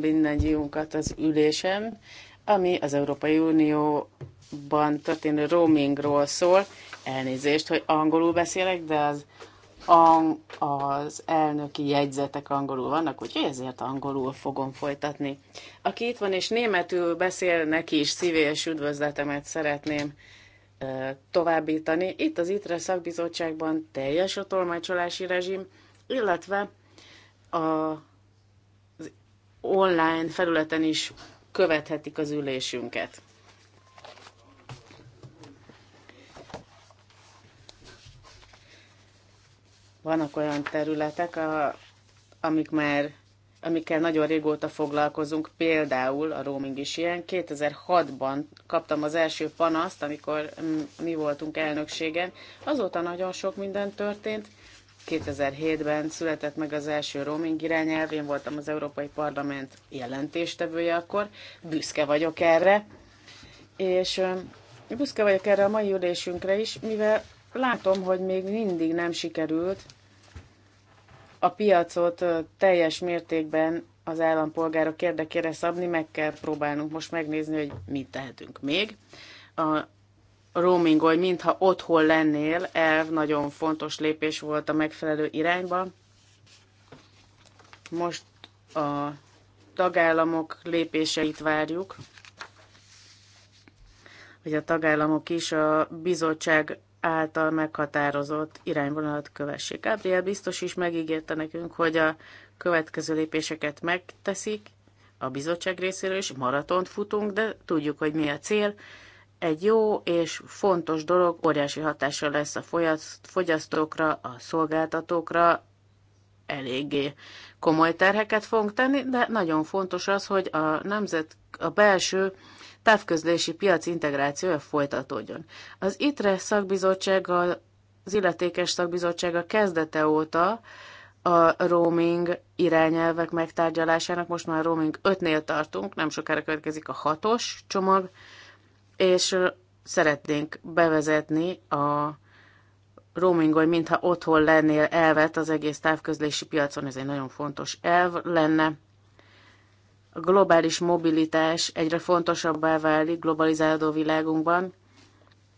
mindannyiunkat az ülésem, ami az Európai Unióban történő roamingról szól. Elnézést, hogy angolul beszélek, de az, ang- az elnöki jegyzetek angolul vannak, úgyhogy ezért angolul fogom folytatni. Aki itt van és németül beszél, neki is szívélyes üdvözletemet szeretném továbbítani. Itt az ITRE szakbizottságban teljes a tolmácsolási rezsim, illetve a online felületen is követhetik az ülésünket. Vannak olyan területek, a, amik már amikkel nagyon régóta foglalkozunk, például a roaming is ilyen. 2006-ban kaptam az első panaszt, amikor mi voltunk elnökségen. Azóta nagyon sok minden történt, 2007-ben született meg az első roaming irányelv, én voltam az Európai Parlament jelentéstevője akkor, büszke vagyok erre, és büszke vagyok erre a mai ülésünkre is, mivel látom, hogy még mindig nem sikerült a piacot teljes mértékben az állampolgárok érdekére szabni, meg kell próbálnunk most megnézni, hogy mit tehetünk még. A roamingolj, mintha otthon lennél, elv nagyon fontos lépés volt a megfelelő irányba. Most a tagállamok lépéseit várjuk, hogy a tagállamok is a bizottság által meghatározott irányvonalat kövessék. Gabriel biztos is megígérte nekünk, hogy a következő lépéseket megteszik, a bizottság részéről is maratont futunk, de tudjuk, hogy mi a cél, egy jó és fontos dolog, óriási hatása lesz a fogyasztókra, a szolgáltatókra, eléggé komoly terheket fogunk tenni, de nagyon fontos az, hogy a nemzet, a belső távközlési piac integrációja folytatódjon. Az ITRE szakbizottsággal, az illetékes szakbizottsága kezdete óta a roaming irányelvek megtárgyalásának, most már roaming 5-nél tartunk, nem sokára következik a 6-os csomag, és szeretnénk bevezetni a hogy mintha otthon lennél elvet az egész távközlési piacon, ez egy nagyon fontos elv lenne. A globális mobilitás egyre fontosabbá válik globalizálódó világunkban,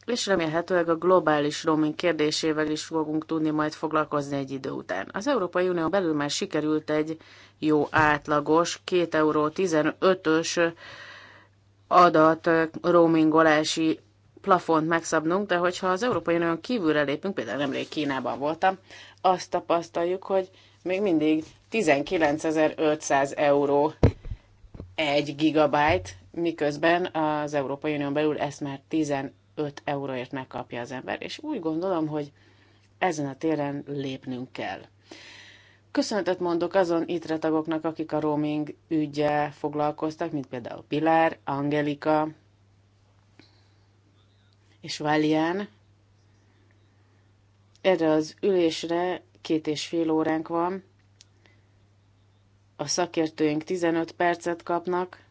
és remélhetőleg a globális roaming kérdésével is fogunk tudni majd foglalkozni egy idő után. Az Európai Unió belül már sikerült egy jó átlagos 2,15 euró ös adat roamingolási plafont megszabnunk, de hogyha az Európai Unión kívülre lépünk, például nemrég Kínában voltam, azt tapasztaljuk, hogy még mindig 19.500 euró egy gigabyte, miközben az Európai Unión belül ezt már 15 euróért megkapja az ember. És úgy gondolom, hogy ezen a téren lépnünk kell. Köszönetet mondok azon ITRE tagoknak, akik a roaming ügyel foglalkoztak, mint például Pilar, Angelika és Valian. Erre az ülésre két és fél óránk van. A szakértőink 15 percet kapnak.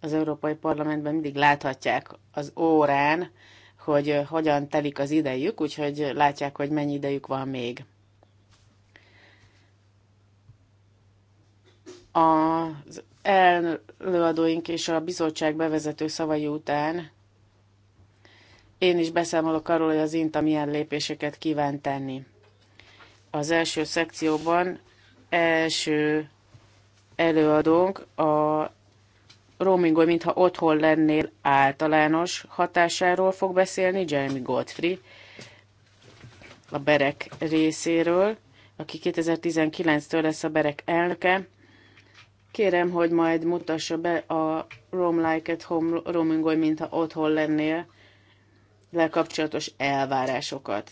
Az Európai Parlamentben mindig láthatják az órán, hogy hogyan telik az idejük, úgyhogy látják, hogy mennyi idejük van még. Az előadóink és a bizottság bevezető szavai után én is beszámolok arról, hogy az INTA milyen lépéseket kíván tenni. Az első szekcióban első előadónk a roamingol, mintha otthon lennél általános hatásáról fog beszélni Jeremy Godfrey a Berek részéről, aki 2019-től lesz a Berek elnöke. Kérem, hogy majd mutassa be a Roam Like at Home, roamingol, mintha otthon lennél lekapcsolatos elvárásokat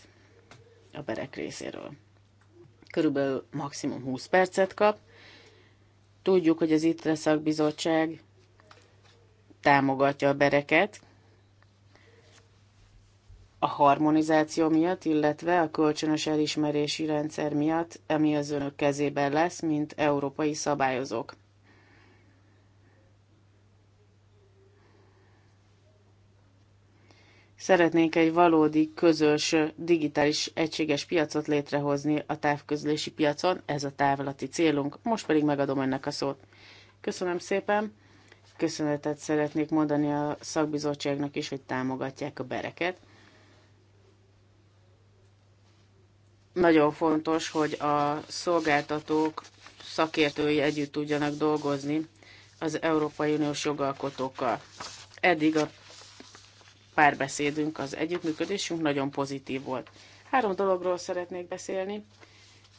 a Berek részéről. Körülbelül maximum 20 percet kap. Tudjuk, hogy az Itreszak bizottság támogatja a bereket a harmonizáció miatt, illetve a kölcsönös elismerési rendszer miatt, ami az önök kezében lesz, mint európai szabályozók. Szeretnénk egy valódi, közös, digitális, egységes piacot létrehozni a távközlési piacon, ez a távlati célunk. Most pedig megadom önnek a szót. Köszönöm szépen! Köszönetet szeretnék mondani a szakbizottságnak is, hogy támogatják a bereket. Nagyon fontos, hogy a szolgáltatók szakértői együtt tudjanak dolgozni az Európai Uniós jogalkotókkal. Eddig a párbeszédünk, az együttműködésünk nagyon pozitív volt. Három dologról szeretnék beszélni.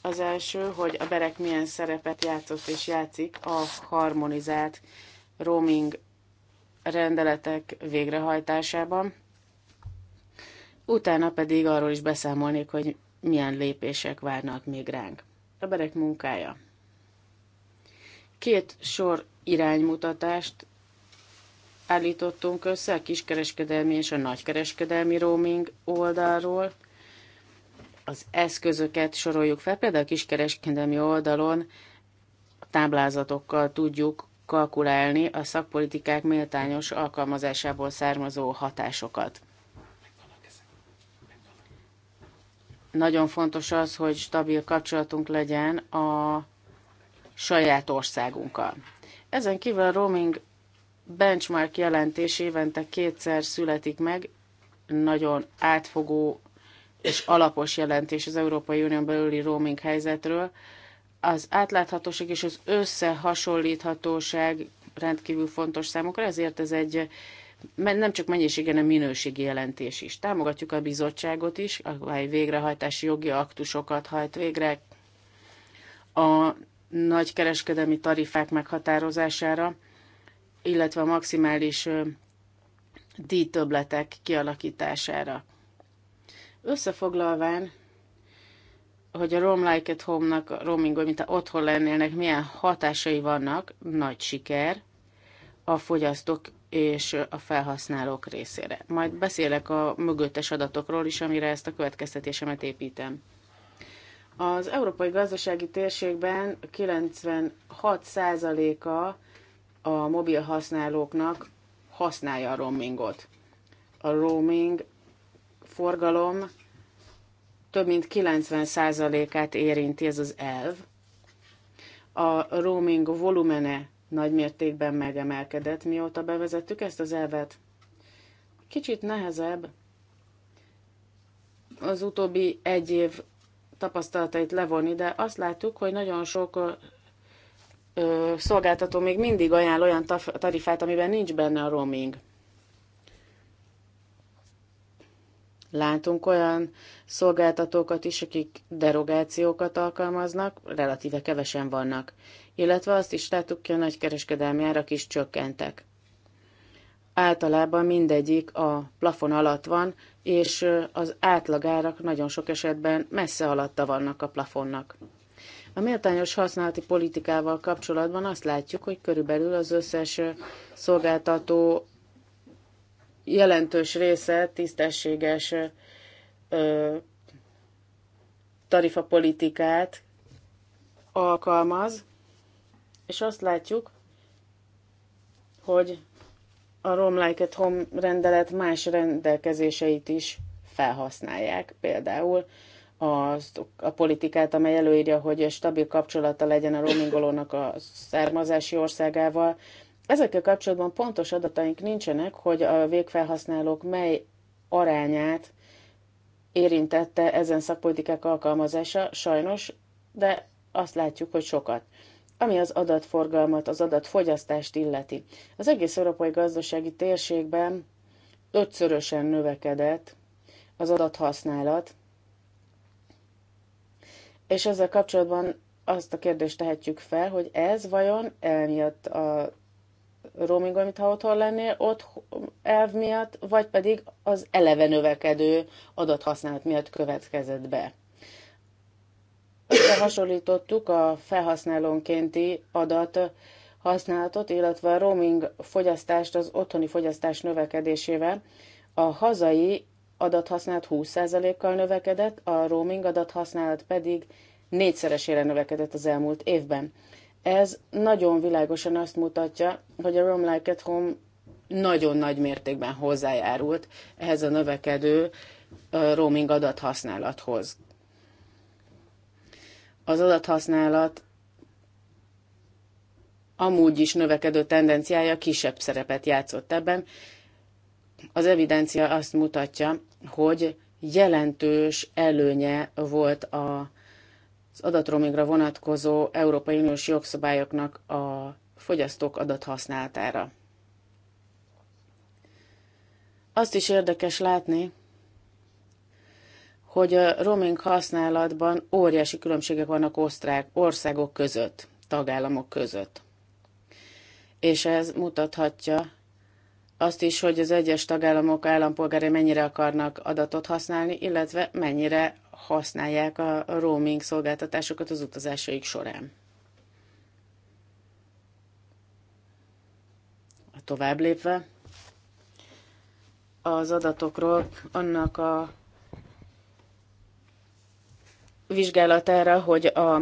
Az első, hogy a berek milyen szerepet játszott és játszik a harmonizált roaming rendeletek végrehajtásában. Utána pedig arról is beszámolnék, hogy milyen lépések várnak még ránk. A berek munkája. Két sor iránymutatást állítottunk össze a kiskereskedelmi és a nagykereskedelmi roaming oldalról. Az eszközöket soroljuk fel, például a kiskereskedelmi oldalon táblázatokkal tudjuk kalkulálni a szakpolitikák méltányos alkalmazásából származó hatásokat. Nagyon fontos az, hogy stabil kapcsolatunk legyen a saját országunkkal. Ezen kívül a roaming benchmark jelentés évente kétszer születik meg, nagyon átfogó és alapos jelentés az Európai Unión belüli roaming helyzetről, az átláthatóság és az összehasonlíthatóság rendkívül fontos számokra, ezért ez egy nem csak mennyiség, hanem minőségi jelentés is. Támogatjuk a bizottságot is, amely végrehajtási jogi aktusokat hajt végre a nagy kereskedelmi tarifák meghatározására, illetve a maximális díjtöbletek kialakítására. Összefoglalván hogy a Rom Like at Home-nak, a roaming, mint a otthon lennének, milyen hatásai vannak, nagy siker a fogyasztók és a felhasználók részére. Majd beszélek a mögöttes adatokról is, amire ezt a következtetésemet építem. Az európai gazdasági térségben 96%-a a mobil használóknak használja a roamingot. A roaming forgalom több mint 90%-át érinti ez az elv. A roaming volumene nagymértékben megemelkedett, mióta bevezettük ezt az elvet. Kicsit nehezebb az utóbbi egy év tapasztalatait levonni, de azt láttuk, hogy nagyon sok ö, szolgáltató még mindig ajánl olyan tarifát, amiben nincs benne a roaming. Látunk olyan szolgáltatókat is, akik derogációkat alkalmaznak, relatíve kevesen vannak, illetve azt is láttuk ki, a nagykereskedelmi árak is csökkentek. Általában mindegyik a plafon alatt van, és az átlagárak nagyon sok esetben messze alatta vannak a plafonnak. A méltányos használati politikával kapcsolatban azt látjuk, hogy körülbelül az összes szolgáltató jelentős része tisztességes tarifapolitikát alkalmaz, és azt látjuk, hogy a Rome Like at Home rendelet más rendelkezéseit is felhasználják. Például az, a politikát, amely előírja, hogy stabil kapcsolata legyen a roamingolónak a származási országával, Ezekkel kapcsolatban pontos adataink nincsenek, hogy a végfelhasználók mely arányát érintette ezen szakpolitikák alkalmazása, sajnos, de azt látjuk, hogy sokat ami az adatforgalmat, az adatfogyasztást illeti. Az egész európai gazdasági térségben ötszörösen növekedett az adathasználat, és ezzel kapcsolatban azt a kérdést tehetjük fel, hogy ez vajon emiatt a amit ha otthon lennél, ott elv miatt, vagy pedig az eleve növekedő adathasználat miatt következett be. Összehasonlítottuk a felhasználónkénti adat használatot, illetve a roaming fogyasztást az otthoni fogyasztás növekedésével. A hazai adathasználat 20%-kal növekedett, a roaming adathasználat pedig négyszeresére növekedett az elmúlt évben. Ez nagyon világosan azt mutatja, hogy a Rome Like at Home nagyon nagy mértékben hozzájárult ehhez a növekedő roaming adathasználathoz. Az adathasználat amúgy is növekedő tendenciája kisebb szerepet játszott ebben. Az evidencia azt mutatja, hogy jelentős előnye volt a az adatromingra vonatkozó Európai Uniós jogszabályoknak a fogyasztók adathasználatára. Azt is érdekes látni, hogy a roaming használatban óriási különbségek vannak osztrák országok között, tagállamok között. És ez mutathatja azt is, hogy az egyes tagállamok állampolgárai mennyire akarnak adatot használni, illetve mennyire használják a roaming szolgáltatásokat az utazásaik során. A Tovább lépve, az adatokról annak a vizsgálatára, hogy a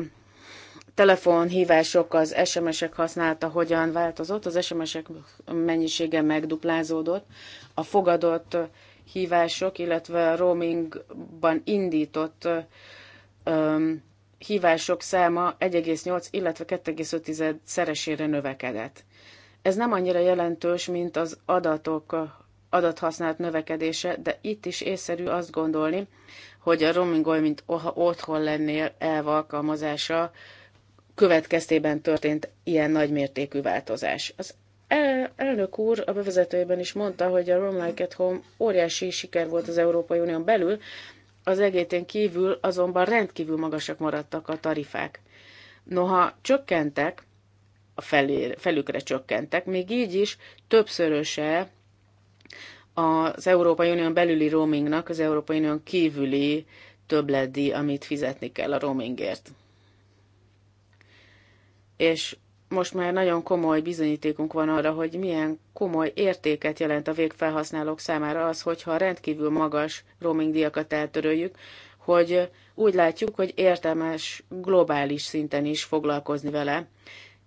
telefonhívások, az SMS-ek használata hogyan változott, az SMS-ek mennyisége megduplázódott, a fogadott hívások, illetve roamingban indított um, hívások száma 1,8, illetve 2,5 szeresére növekedett. Ez nem annyira jelentős, mint az adatok adathasználat növekedése, de itt is észszerű azt gondolni, hogy a roaming oly, mint ha otthon lennél elv alkalmazása következtében történt ilyen nagymértékű változás. Az el, elnök úr a bevezetőjében is mondta, hogy a Rom Like at Home óriási siker volt az Európai Unión belül, az egétén kívül azonban rendkívül magasak maradtak a tarifák. Noha csökkentek, a felé, felükre csökkentek, még így is többszöröse az Európai Unión belüli roamingnak az Európai Unión kívüli többledi, amit fizetni kell a roamingért. És most már nagyon komoly bizonyítékunk van arra, hogy milyen komoly értéket jelent a végfelhasználók számára az, hogyha rendkívül magas roaming díjakat eltöröljük, hogy úgy látjuk, hogy értelmes globális szinten is foglalkozni vele,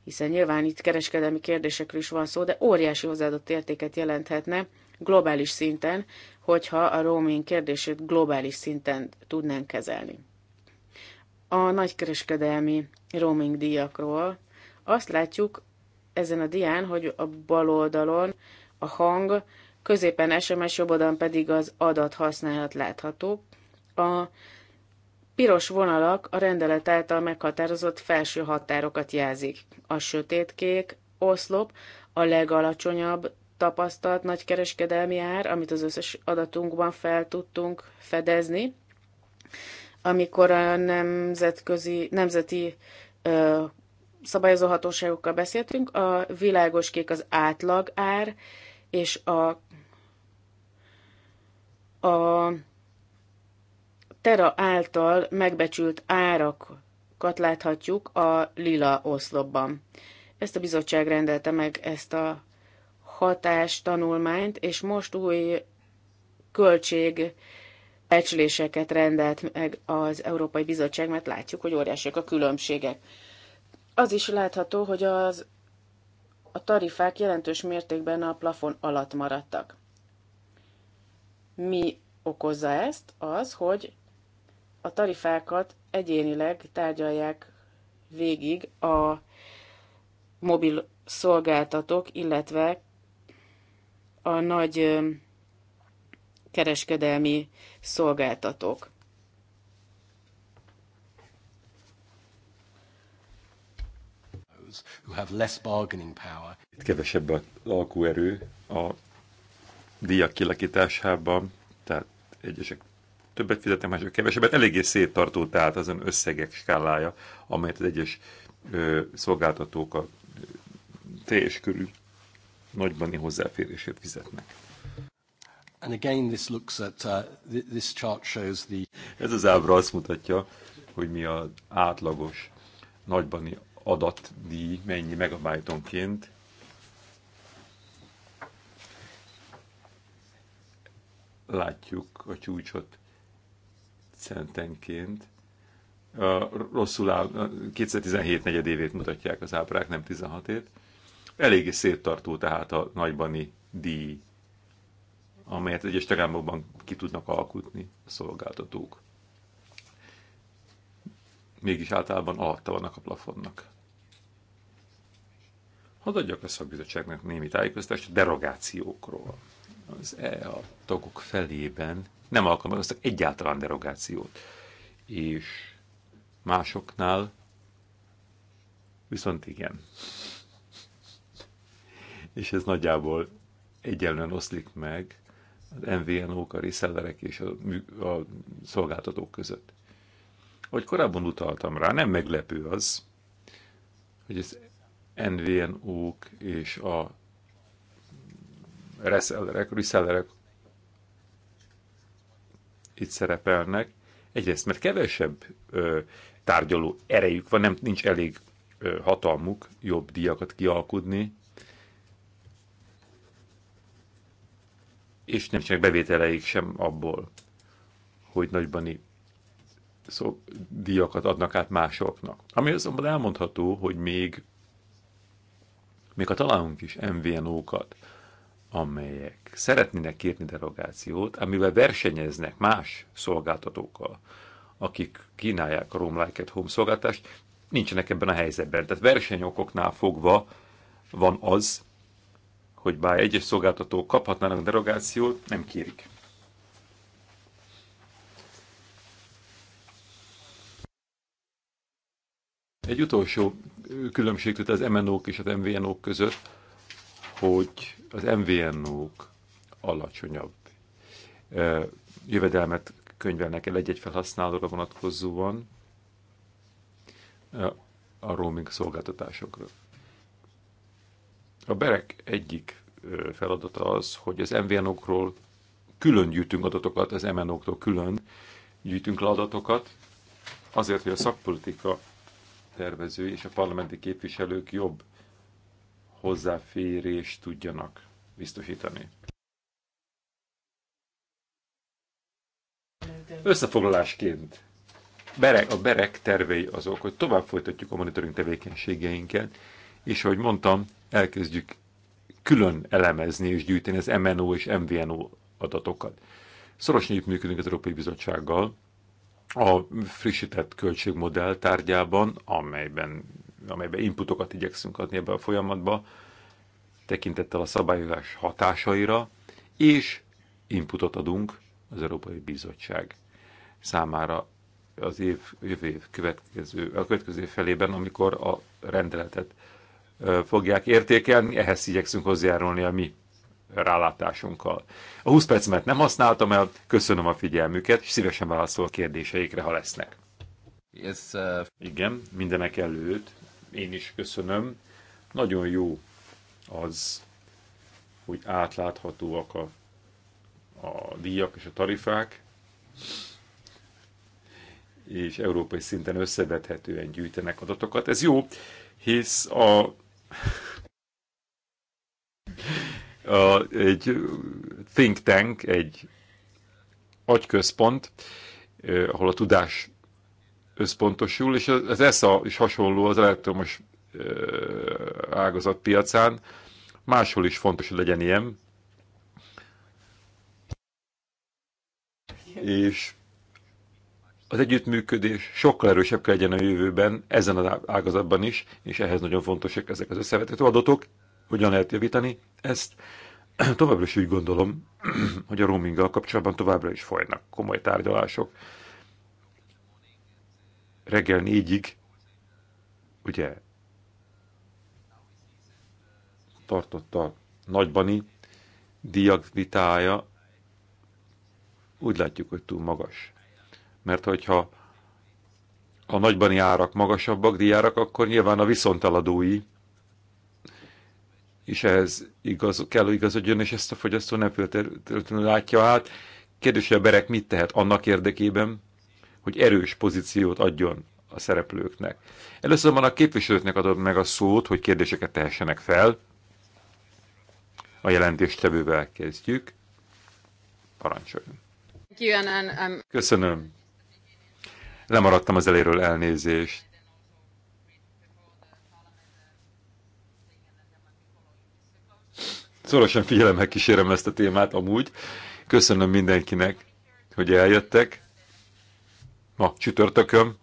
hiszen nyilván itt kereskedelmi kérdésekről is van szó, de óriási hozzáadott értéket jelenthetne globális szinten, hogyha a roaming kérdését globális szinten tudnánk kezelni. A nagykereskedelmi roaming díjakról azt látjuk ezen a dián, hogy a bal oldalon a hang, középen SMS, jobb pedig az adat használat látható. A piros vonalak a rendelet által meghatározott felső határokat jelzik. A sötétkék oszlop a legalacsonyabb tapasztalt nagykereskedelmi ár, amit az összes adatunkban fel tudtunk fedezni. Amikor a nemzetközi, nemzeti szabályozó hatóságokkal beszéltünk, a világos kék az átlag ár, és a, a Tera által megbecsült árakat láthatjuk a lila oszlopban. Ezt a bizottság rendelte meg ezt a hatástanulmányt, és most új költség becsléseket rendelt meg az Európai Bizottság, mert látjuk, hogy óriásiak a különbségek. Az is látható, hogy az, a tarifák jelentős mértékben a plafon alatt maradtak. Mi okozza ezt? Az, hogy a tarifákat egyénileg tárgyalják végig a mobil szolgáltatók, illetve a nagy kereskedelmi szolgáltatók. firms who have less bargaining power. Itt kevesebb a lakóerő a díjak kilakításában, tehát egyesek többet fizetnek, mások kevesebbet. Eléggé széttartó tehát azon összegek skálája, amelyet az egyes ö, szolgáltatók a teljes körű nagybani hozzáférését fizetnek. And again, this looks at, uh, this chart shows the... Ez az ábra azt mutatja, hogy mi az átlagos nagybani adatdíj mennyi megabájtonként. Látjuk a csúcsot centenként. Rosszul áll, 2017 negyedévét mutatják az ábrák, nem 16-ét. Eléggé széttartó tehát a nagybani díj, amelyet egyes tagállamokban ki tudnak alkutni a szolgáltatók mégis általában alatta vannak a plafonnak. Hadd adjak a szakbizottságnak némi tájékoztatást a derogációkról. Az EA tagok felében nem alkalmaztak egyáltalán derogációt, és másoknál viszont igen. És ez nagyjából egyenlően oszlik meg az MVNO-k, a resellerek és a, a szolgáltatók között. Ahogy korábban utaltam rá, nem meglepő az, hogy az NVNO-k és a resellerek, resellerek itt szerepelnek. Egyrészt, mert kevesebb ö, tárgyaló erejük van, nem, nincs elég ö, hatalmuk jobb díjakat kialkudni, és csak bevételeik sem abból, hogy nagyban szó, díjakat adnak át másoknak. Ami azonban elmondható, hogy még, még ha találunk is MVNO-kat, amelyek szeretnének kérni derogációt, amivel versenyeznek más szolgáltatókkal, akik kínálják a Roam Like at Home szolgáltást, nincsenek ebben a helyzetben. Tehát versenyokoknál fogva van az, hogy bár egyes szolgáltatók kaphatnának derogációt, nem kérik. Egy utolsó különbség tehát az MNO-k és az MVNO-k között, hogy az MVNO-k alacsonyabb jövedelmet könyvelnek el egy-egy felhasználóra vonatkozóan a roaming szolgáltatásokra. A berek egyik feladata az, hogy az MVNO-król külön gyűjtünk adatokat, az MNO-któl külön gyűjtünk le adatokat, azért, hogy a szakpolitika tervező és a parlamenti képviselők jobb hozzáférést tudjanak biztosítani. Összefoglalásként berek, a berek tervei azok, hogy tovább folytatjuk a monitoring tevékenységeinket, és ahogy mondtam, elkezdjük külön elemezni és gyűjteni az MNO és MVNO adatokat. Szorosan együttműködünk az Európai Bizottsággal, a frissített költségmodell tárgyában, amelyben, amelyben inputokat igyekszünk adni ebbe a folyamatba, tekintettel a szabályozás hatásaira, és inputot adunk az Európai Bizottság számára az év, jövő év következő, a következő felében, amikor a rendeletet fogják értékelni, ehhez igyekszünk hozzájárulni a mi rálátásunkkal. A 20 percemet nem használtam el, köszönöm a figyelmüket, és szívesen válaszol a kérdéseikre, ha lesznek. Yes, uh... Igen, mindenek előtt én is köszönöm. Nagyon jó az, hogy átláthatóak a, a díjak és a tarifák, és európai szinten összevethetően gyűjtenek adatokat. Ez jó, hisz a a, egy think tank, egy agyközpont, eh, ahol a tudás összpontosul, és az ESA is hasonló az elektromos eh, ágazat piacán. Máshol is fontos, hogy legyen ilyen. És az együttműködés sokkal erősebb kell legyen a jövőben, ezen az ágazatban is, és ehhez nagyon fontosak ezek az összevetető adatok, hogyan lehet javítani ezt. Továbbra is úgy gondolom, hogy a roaminggal kapcsolatban továbbra is folynak komoly tárgyalások. Reggel négyig, ugye, tartott a nagybani díjak vitája, úgy látjuk, hogy túl magas. Mert hogyha a nagybani árak magasabbak, díjárak, akkor nyilván a viszonteladói is ehhez igaz, kell igazodjon, és ezt a fogyasztó nem feltétlenül látja át. Kérdés, hogy a berek mit tehet annak érdekében, hogy erős pozíciót adjon a szereplőknek. Először van a képviselőknek adod meg a szót, hogy kérdéseket tehessenek fel. A jelentéstevővel kezdjük. Parancsoljon. Um, Köszönöm. Lemaradtam az eléről elnézést. szorosan figyelemmel kísérem ezt a témát amúgy. Köszönöm mindenkinek, hogy eljöttek. Ma csütörtökön.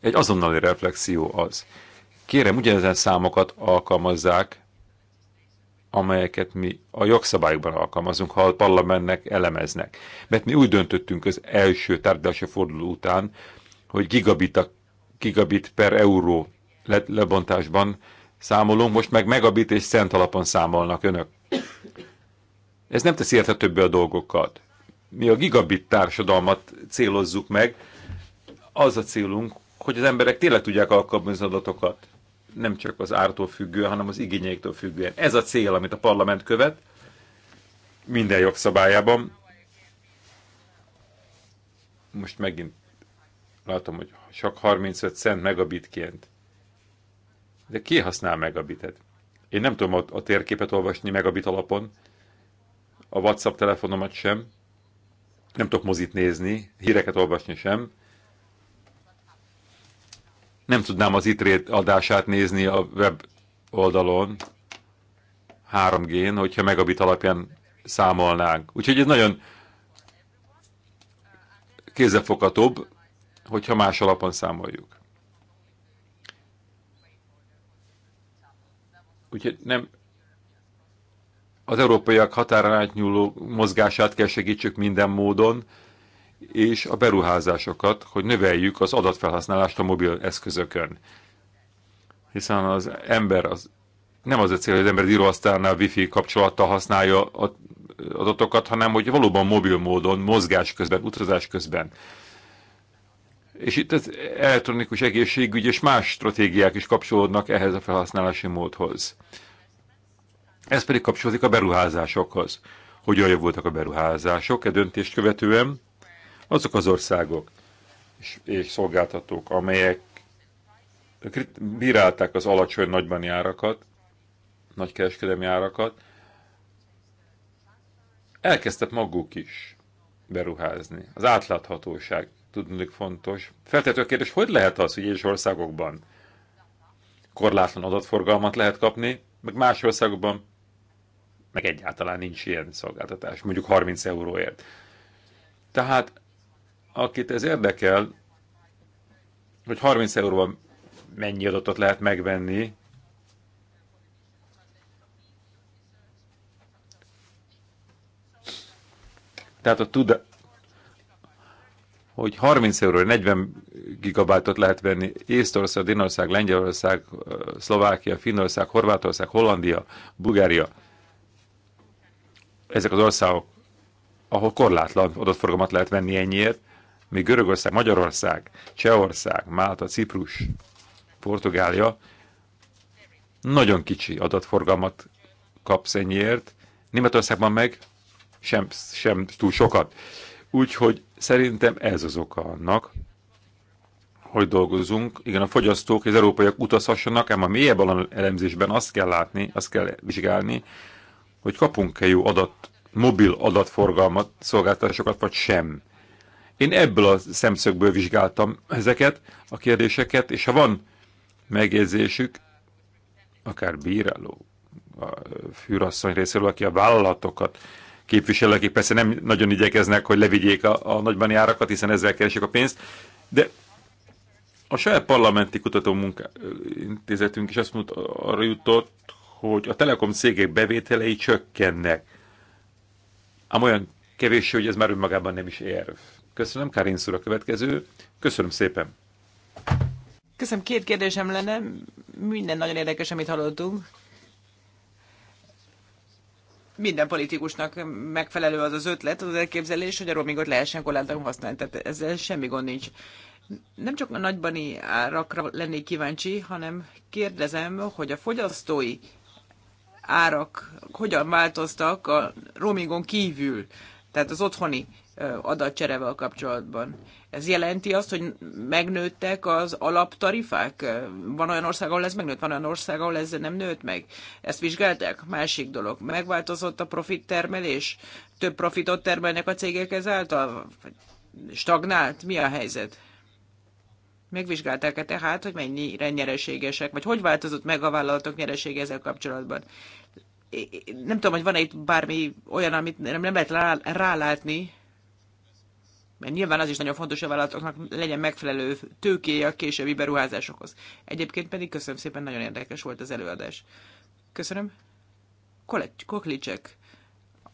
Egy azonnali reflexió az. Kérem, ugyanezen számokat alkalmazzák, amelyeket mi a jogszabályokban alkalmazunk, ha a parlamentnek elemeznek. Mert mi úgy döntöttünk az első tárgyalási forduló után, hogy gigabit a gigabit per euró le, lebontásban számolunk, most meg megabit és cent alapon számolnak önök. Ez nem teszi érthetőbbé a dolgokat. Mi a gigabit társadalmat célozzuk meg. Az a célunk, hogy az emberek tényleg tudják alkalmazni az adatokat. Nem csak az ártól függően, hanem az igényeiktől függően. Ez a cél, amit a parlament követ minden jogszabályában. Most megint látom, hogy csak 35 cent megabitként. De ki használ megabitet? Én nem tudom a, a térképet olvasni megabit alapon, a WhatsApp telefonomat sem, nem tudok mozit nézni, híreket olvasni sem, nem tudnám az itrét adását nézni a web oldalon, 3G-n, hogyha megabit alapján számolnánk. Úgyhogy ez nagyon kézzelfoghatóbb, hogyha más alapon számoljuk. Úgyhogy nem az európaiak határán átnyúló mozgását kell segítsük minden módon, és a beruházásokat, hogy növeljük az adatfelhasználást a mobil eszközökön. Hiszen az ember az, nem az a cél, hogy az ember az íróasztalnál wifi kapcsolattal használja az adatokat, hanem hogy valóban mobil módon, mozgás közben, utazás közben és itt az elektronikus egészségügy és más stratégiák is kapcsolódnak ehhez a felhasználási módhoz. Ez pedig kapcsolódik a beruházásokhoz. Hogyan javultak a beruházások e döntést követően? Azok az országok és, és szolgáltatók, amelyek bírálták az alacsony nagybani árakat, nagy kereskedelmi árakat, elkezdtek maguk is beruházni. Az átláthatóság tudnunk fontos. Feltető a kérdés, hogy lehet az, hogy egyes országokban korlátlan adatforgalmat lehet kapni, meg más országokban meg egyáltalán nincs ilyen szolgáltatás, mondjuk 30 euróért. Tehát, akit ez érdekel, hogy 30 euróban mennyi adatot lehet megvenni, tehát a hogy 30 euró, 40 gigabájtot lehet venni Észtország, Dinország, Lengyelország, Szlovákia, Finnország, Horvátország, Hollandia, Bulgária. Ezek az országok, ahol korlátlan adatforgalmat lehet venni ennyiért, míg Görögország, Magyarország, Csehország, Málta, Ciprus, Portugália nagyon kicsi adatforgalmat kapsz ennyiért, Németországban meg sem, sem túl sokat. Úgyhogy szerintem ez az oka annak, hogy dolgozunk. Igen, a fogyasztók, az európaiak utazhassanak, ám a mélyebb elemzésben azt kell látni, azt kell vizsgálni, hogy kapunk-e jó adat, mobil adatforgalmat, szolgáltatásokat, vagy sem. Én ebből a szemszögből vizsgáltam ezeket a kérdéseket, és ha van megjegyzésük, akár bíráló, a fűrasszony részéről, aki a vállalatokat képviselők, akik persze nem nagyon igyekeznek, hogy levigyék a, a nagybani árakat, hiszen ezzel keresik a pénzt, de a saját parlamenti kutató intézetünk is azt mondta, arra jutott, hogy a telekom cégek bevételei csökkennek. Ám olyan kevés, hogy ez már önmagában nem is érv. Köszönöm, Karin Szúr a következő. Köszönöm szépen. Köszönöm, két kérdésem lenne. Minden nagyon érdekes, amit hallottunk minden politikusnak megfelelő az az ötlet, az elképzelés, hogy a roamingot lehessen korlátlanul használni. Tehát ezzel semmi gond nincs. Nem csak a nagybani árakra lennék kíváncsi, hanem kérdezem, hogy a fogyasztói árak hogyan változtak a roamingon kívül, tehát az otthoni adatcserevel kapcsolatban. Ez jelenti azt, hogy megnőttek az alaptarifák? Van olyan ország, ahol ez megnőtt, van olyan ország, ahol ez nem nőtt meg. Ezt vizsgálták? Másik dolog. Megváltozott a profit termelés? Több profitot termelnek a cégek ezáltal? Stagnált? Mi a helyzet? Megvizsgálták-e tehát, hogy mennyire nyereségesek, vagy hogy változott meg a vállalatok nyeresége ezzel kapcsolatban? nem tudom, hogy van-e itt bármi olyan, amit nem, nem lehet rá, rálátni, mert nyilván az is nagyon fontos, hogy a vállalatoknak legyen megfelelő tőkéje a későbbi beruházásokhoz. Egyébként pedig köszönöm szépen, nagyon érdekes volt az előadás. Köszönöm. A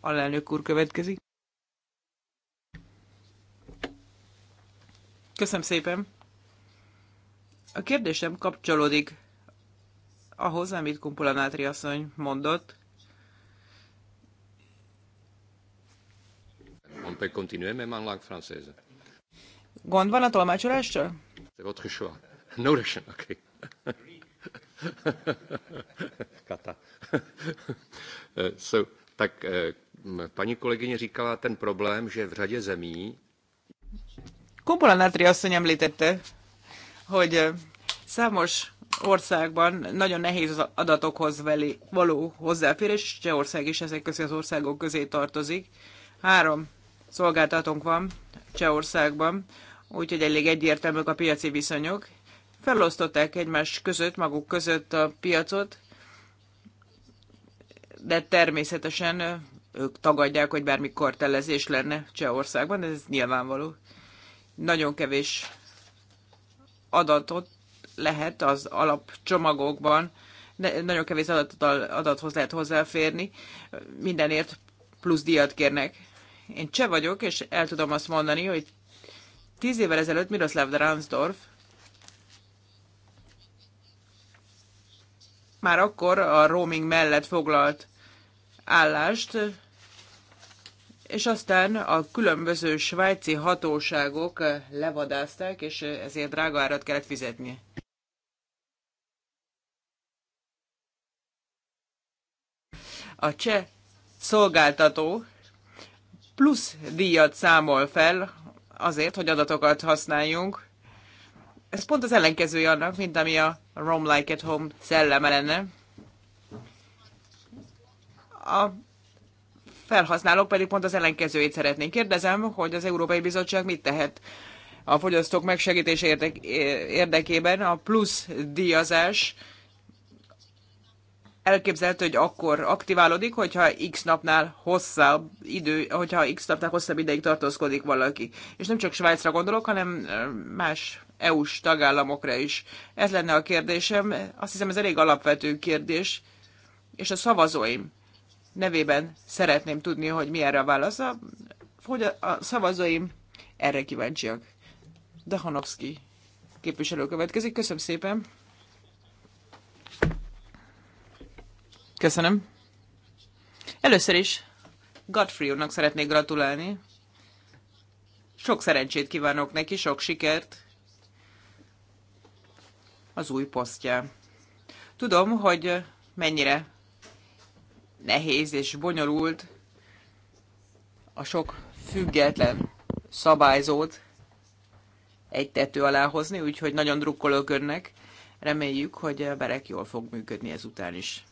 alelnök úr következik. Köszönöm szépen. A kérdésem kapcsolódik ahhoz, amit Kumpula Nátri asszony mondott. peut continuer même en langue française. Gond van a tolmácsolással? Votre choix. No Russian, okay. Kata. Eh, so, tak eh, paní kolegyně říkala ten problém, že v řadě zemí... Kumpula Natri asszony említette, hogy eh, számos országban nagyon nehéz az adatokhoz veli, való hozzáférés, Csehország is ezek közé az országok közé tartozik. Három szolgáltatónk van Csehországban, úgyhogy elég egyértelműek a piaci viszonyok. Felosztották egymás között, maguk között a piacot, de természetesen ők tagadják, hogy bármi kartellezés lenne Csehországban, ez nyilvánvaló. Nagyon kevés adatot lehet az alapcsomagokban, de nagyon kevés adathoz lehet hozzáférni, mindenért plusz díjat kérnek. Én cseh vagyok, és el tudom azt mondani, hogy tíz évvel ezelőtt Miroslav de Ransdorf már akkor a roaming mellett foglalt állást, és aztán a különböző svájci hatóságok levadázták, és ezért drága árat kellett fizetni. A cseh szolgáltató plusz díjat számol fel azért, hogy adatokat használjunk. Ez pont az ellenkezője annak, mint ami a Rome Like at Home szelleme lenne. A felhasználók pedig pont az ellenkezőjét szeretnék. Kérdezem, hogy az Európai Bizottság mit tehet a fogyasztók megsegítése érdekében a plusz díjazás elképzelhető, hogy akkor aktiválódik, hogyha x napnál hosszabb idő, hogyha x napnál hosszabb ideig tartózkodik valaki. És nem csak Svájcra gondolok, hanem más EU-s tagállamokra is. Ez lenne a kérdésem. Azt hiszem, ez elég alapvető kérdés. És a szavazóim nevében szeretném tudni, hogy mi erre a válasz. A, hogy a szavazóim erre kíváncsiak. Dehanovski képviselő következik. Köszönöm szépen! Köszönöm. Először is Godfrey úrnak szeretnék gratulálni. Sok szerencsét kívánok neki, sok sikert az új posztja. Tudom, hogy mennyire nehéz és bonyolult a sok független szabályzót egy tető alá hozni, úgyhogy nagyon drukkolok önnek. Reméljük, hogy a Berek jól fog működni ezután is.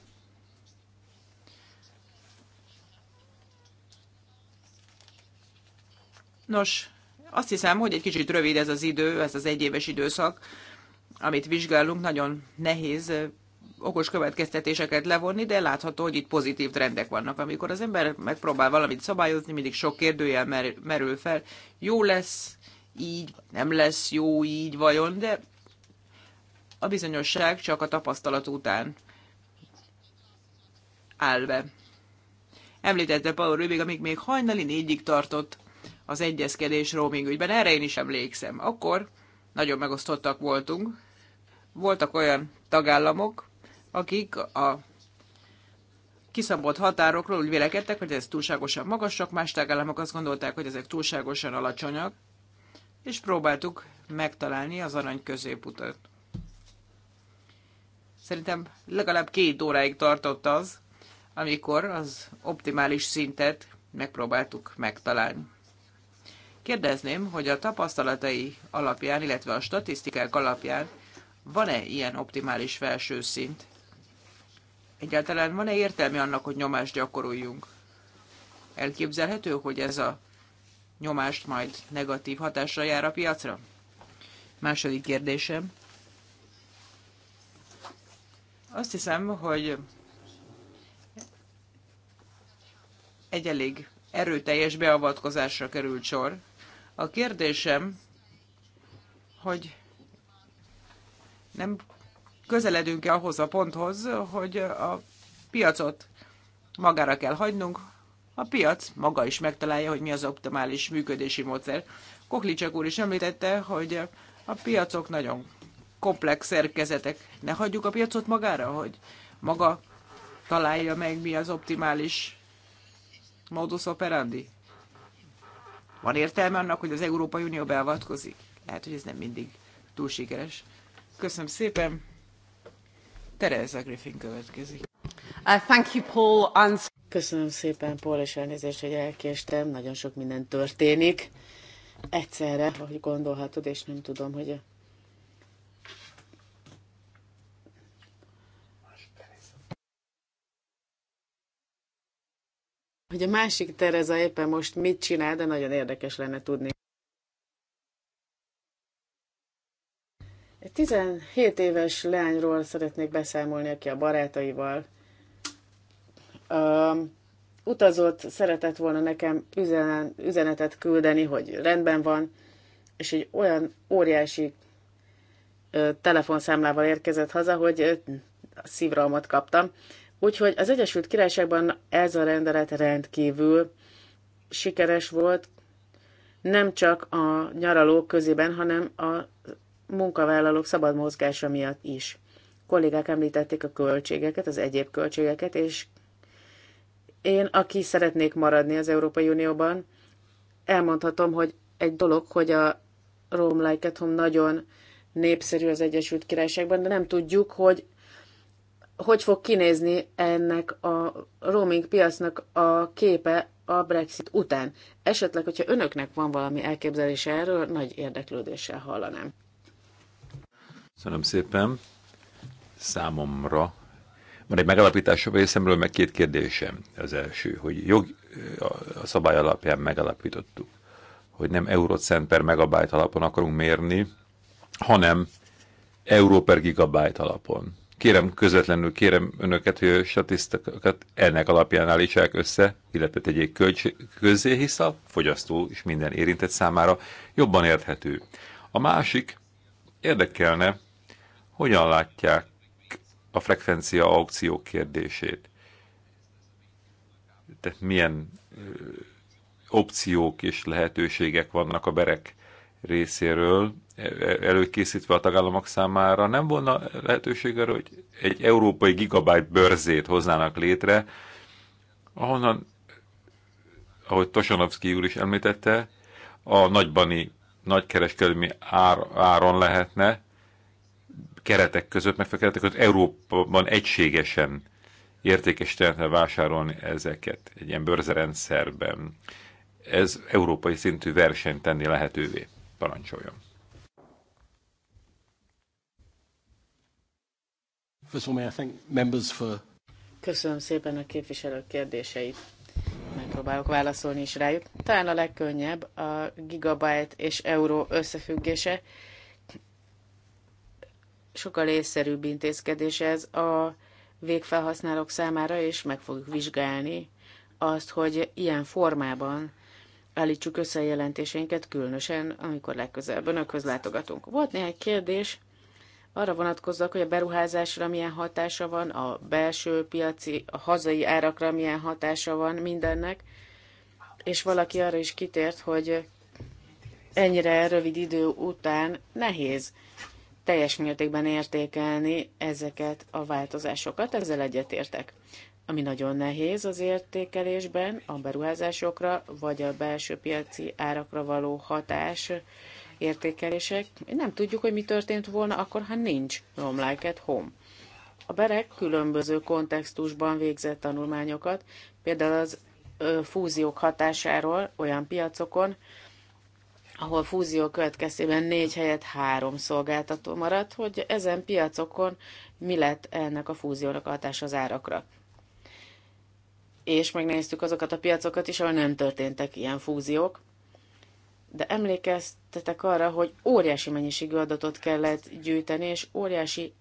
Nos, azt hiszem, hogy egy kicsit rövid ez az idő, ez az egyéves időszak, amit vizsgálunk, nagyon nehéz okos következtetéseket levonni, de látható, hogy itt pozitív trendek vannak. Amikor az ember megpróbál valamit szabályozni, mindig sok kérdőjel mer- merül fel. Jó lesz így, nem lesz jó így vajon, de a bizonyosság csak a tapasztalat után áll be. Említette Paul Rübig, amíg még hajnali négyig tartott az egyezkedés roaming ügyben. Erre én is emlékszem. Akkor nagyon megosztottak voltunk. Voltak olyan tagállamok, akik a kiszabott határokról úgy vélekedtek, hogy ez túlságosan magasak, más tagállamok azt gondolták, hogy ezek túlságosan alacsonyak, és próbáltuk megtalálni az arany középutat. Szerintem legalább két óráig tartott az, amikor az optimális szintet megpróbáltuk megtalálni. Kérdezném, hogy a tapasztalatai alapján, illetve a statisztikák alapján van-e ilyen optimális felső szint? Egyáltalán van-e értelme annak, hogy nyomást gyakoroljunk? Elképzelhető, hogy ez a nyomást majd negatív hatásra jár a piacra? Második kérdésem. Azt hiszem, hogy egy elég erőteljes beavatkozásra került sor. A kérdésem, hogy nem közeledünk-e ahhoz a ponthoz, hogy a piacot magára kell hagynunk, a piac maga is megtalálja, hogy mi az optimális működési módszer. Koklicsak úr is említette, hogy a piacok nagyon komplex szerkezetek. Ne hagyjuk a piacot magára, hogy maga találja meg, mi az optimális modus operandi. Van értelme annak, hogy az Európai Unió beavatkozik? Lehet, hogy ez nem mindig túl sikeres. Köszönöm szépen. Tereza Griffin következik. Uh, thank you, Paul. And... Köszönöm szépen, Paul, és elnézést, hogy elkéstem. Nagyon sok minden történik. Egyszerre, ahogy gondolhatod, és nem tudom, hogy hogy a másik Tereza éppen most mit csinál, de nagyon érdekes lenne tudni. 17 éves leányról szeretnék beszámolni, aki a barátaival uh, utazott, szeretett volna nekem üzen, üzenetet küldeni, hogy rendben van, és egy olyan óriási uh, telefonszámlával érkezett haza, hogy uh, szívrohamot kaptam. Úgyhogy az Egyesült Királyságban ez a rendelet rendkívül sikeres volt, nem csak a nyaralók közében, hanem a munkavállalók szabad mozgása miatt is. Kollégák említették a költségeket, az egyéb költségeket, és én, aki szeretnék maradni az Európai Unióban, elmondhatom, hogy egy dolog, hogy a Rome Like at Home nagyon népszerű az Egyesült Királyságban, de nem tudjuk, hogy hogy fog kinézni ennek a roaming piacnak a képe a Brexit után. Esetleg, hogyha önöknek van valami elképzelése erről, nagy érdeklődéssel hallanám. Köszönöm szépen. Számomra van egy a részemről, meg két kérdésem. Az első, hogy jog, a szabály alapján megalapítottuk, hogy nem eurocent per megabájt alapon akarunk mérni, hanem euró per gigabájt alapon. Kérem közvetlenül, kérem önöket, hogy a statisztikákat ennek alapján állítsák össze, illetve tegyék kölcs, közzé, hisz a fogyasztó és minden érintett számára jobban érthető. A másik érdekelne, hogyan látják a frekvencia aukciók kérdését. Tehát milyen opciók és lehetőségek vannak a berek részéről e, e, előkészítve a tagállamok számára, nem volna lehetőség arra, hogy egy európai gigabyte börzét hoznának létre, ahonnan, ahogy Tosanovszki úr is említette, a nagybani nagykereskedelmi ár, áron lehetne keretek között, meg keretek között Európában egységesen értékes lehetne vásárolni ezeket egy ilyen bőrzerendszerben. Ez európai szintű versenyt tenni lehetővé. Parancsoljon. Köszönöm szépen a képviselők kérdéseit. Megpróbálok válaszolni is rájuk. Talán a legkönnyebb a gigabyte és euró összefüggése. Sokkal észszerűbb intézkedés ez a végfelhasználók számára, és meg fogjuk vizsgálni azt, hogy ilyen formában állítsuk össze a jelentéseinket, különösen, amikor legközelebb önökhöz látogatunk. Volt néhány kérdés, arra vonatkozzak, hogy a beruházásra milyen hatása van, a belső piaci, a hazai árakra milyen hatása van mindennek, és valaki arra is kitért, hogy ennyire rövid idő után nehéz teljes mértékben értékelni ezeket a változásokat, ezzel egyetértek ami nagyon nehéz az értékelésben, a beruházásokra vagy a belső piaci árakra való hatás értékelések. Nem tudjuk, hogy mi történt volna akkor, ha nincs Home Like at Home. A Berek különböző kontextusban végzett tanulmányokat, például az fúziók hatásáról olyan piacokon, ahol fúzió következtében négy helyett három szolgáltató maradt, hogy ezen piacokon mi lett ennek a fúziónak a hatása az árakra és megnéztük azokat a piacokat is, ahol nem történtek ilyen fúziók. De emlékeztetek arra, hogy óriási mennyiségű adatot kellett gyűjteni, és óriási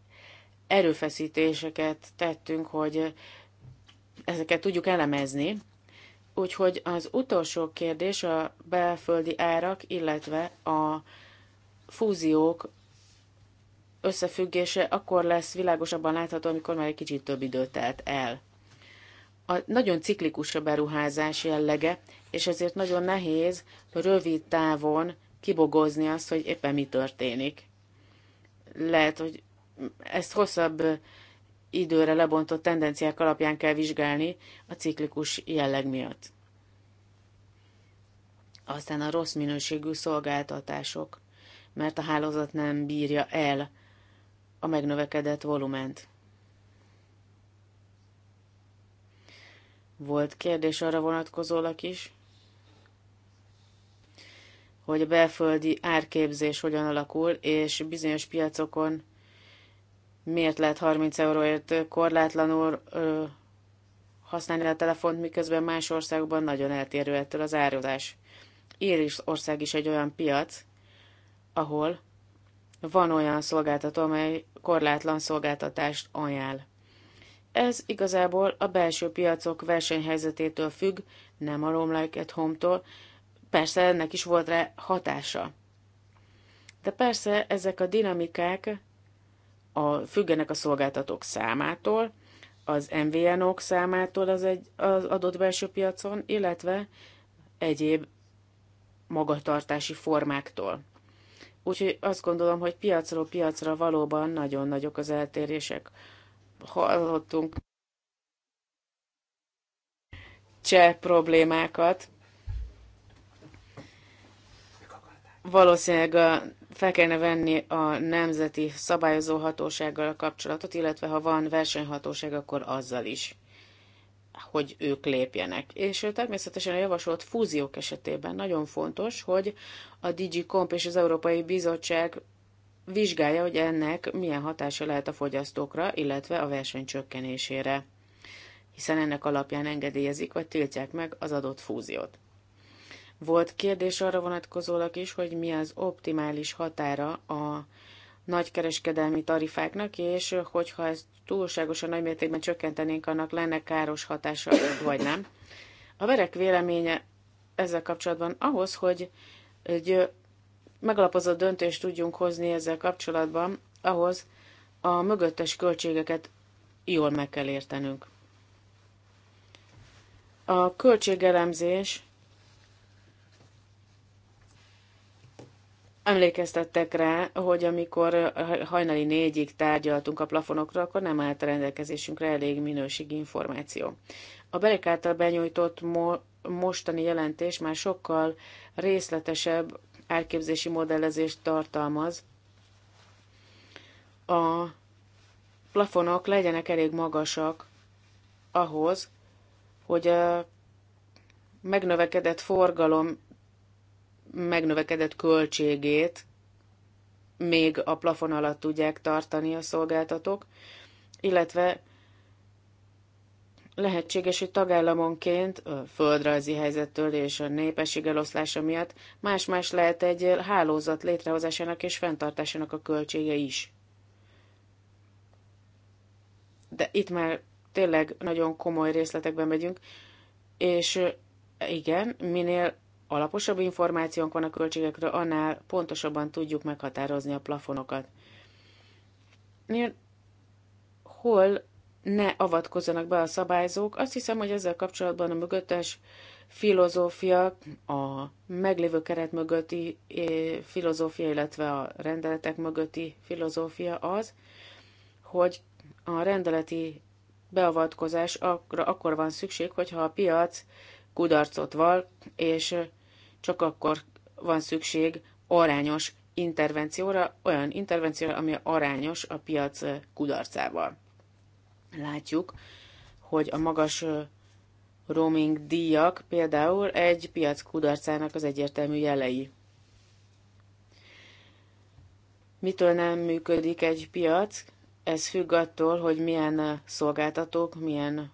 erőfeszítéseket tettünk, hogy ezeket tudjuk elemezni. Úgyhogy az utolsó kérdés a belföldi árak, illetve a fúziók összefüggése akkor lesz világosabban látható, amikor már egy kicsit több időt telt el a nagyon ciklikus a beruházás jellege, és ezért nagyon nehéz rövid távon kibogozni azt, hogy éppen mi történik. Lehet, hogy ezt hosszabb időre lebontott tendenciák alapján kell vizsgálni a ciklikus jelleg miatt. Aztán a rossz minőségű szolgáltatások, mert a hálózat nem bírja el a megnövekedett volument. Volt kérdés arra vonatkozólag is, hogy a belföldi árképzés hogyan alakul, és bizonyos piacokon miért lehet 30 euróért korlátlanul ö, használni a telefont, miközben más országban nagyon eltérő ettől az Éris ország is egy olyan piac, ahol van olyan szolgáltató, amely korlátlan szolgáltatást ajánl. Ez igazából a belső piacok versenyhelyzetétől függ, nem a Rome Like at Home-tól. Persze ennek is volt rá hatása. De persze ezek a dinamikák a, függenek a szolgáltatók számától, az MVNO-k számától az, egy, az adott belső piacon, illetve egyéb magatartási formáktól. Úgyhogy azt gondolom, hogy piacról piacra valóban nagyon nagyok az eltérések hallottunk cseh problémákat. Valószínűleg a, uh, fel kellene venni a nemzeti szabályozó hatósággal a kapcsolatot, illetve ha van versenyhatóság, akkor azzal is, hogy ők lépjenek. És uh, természetesen a javasolt fúziók esetében nagyon fontos, hogy a DG Comp és az Európai Bizottság vizsgálja, hogy ennek milyen hatása lehet a fogyasztókra, illetve a verseny csökkenésére, hiszen ennek alapján engedélyezik vagy tiltják meg az adott fúziót. Volt kérdés arra vonatkozólag is, hogy mi az optimális határa a nagykereskedelmi tarifáknak, és hogyha ezt túlságosan nagy mértékben csökkentenénk, annak lenne káros hatása, vagy nem. A verek véleménye ezzel kapcsolatban ahhoz, hogy egy megalapozott döntést tudjunk hozni ezzel kapcsolatban, ahhoz a mögöttes költségeket jól meg kell értenünk. A költségelemzés emlékeztettek rá, hogy amikor hajnali négyig tárgyaltunk a plafonokra, akkor nem állt a rendelkezésünkre elég minőségi információ. A Berek által benyújtott mo- mostani jelentés már sokkal részletesebb árképzési modellezést tartalmaz. A plafonok legyenek elég magasak ahhoz, hogy a megnövekedett forgalom megnövekedett költségét még a plafon alatt tudják tartani a szolgáltatók, illetve lehetséges, hogy tagállamonként a földrajzi helyzettől és a népesség eloszlása miatt más-más lehet egy hálózat létrehozásának és fenntartásának a költsége is. De itt már tényleg nagyon komoly részletekben megyünk, és igen, minél alaposabb információnk van a költségekről, annál pontosabban tudjuk meghatározni a plafonokat. Hol ne avatkozzanak be a szabályzók. Azt hiszem, hogy ezzel kapcsolatban a mögöttes filozófia, a meglévő keret mögötti eh, filozófia, illetve a rendeletek mögötti filozófia az, hogy a rendeleti beavatkozás akkor van szükség, hogyha a piac kudarcot val, és csak akkor van szükség arányos intervencióra, olyan intervencióra, ami arányos a piac kudarcával látjuk, hogy a magas roaming díjak például egy piac kudarcának az egyértelmű jelei. Mitől nem működik egy piac? Ez függ attól, hogy milyen szolgáltatók, milyen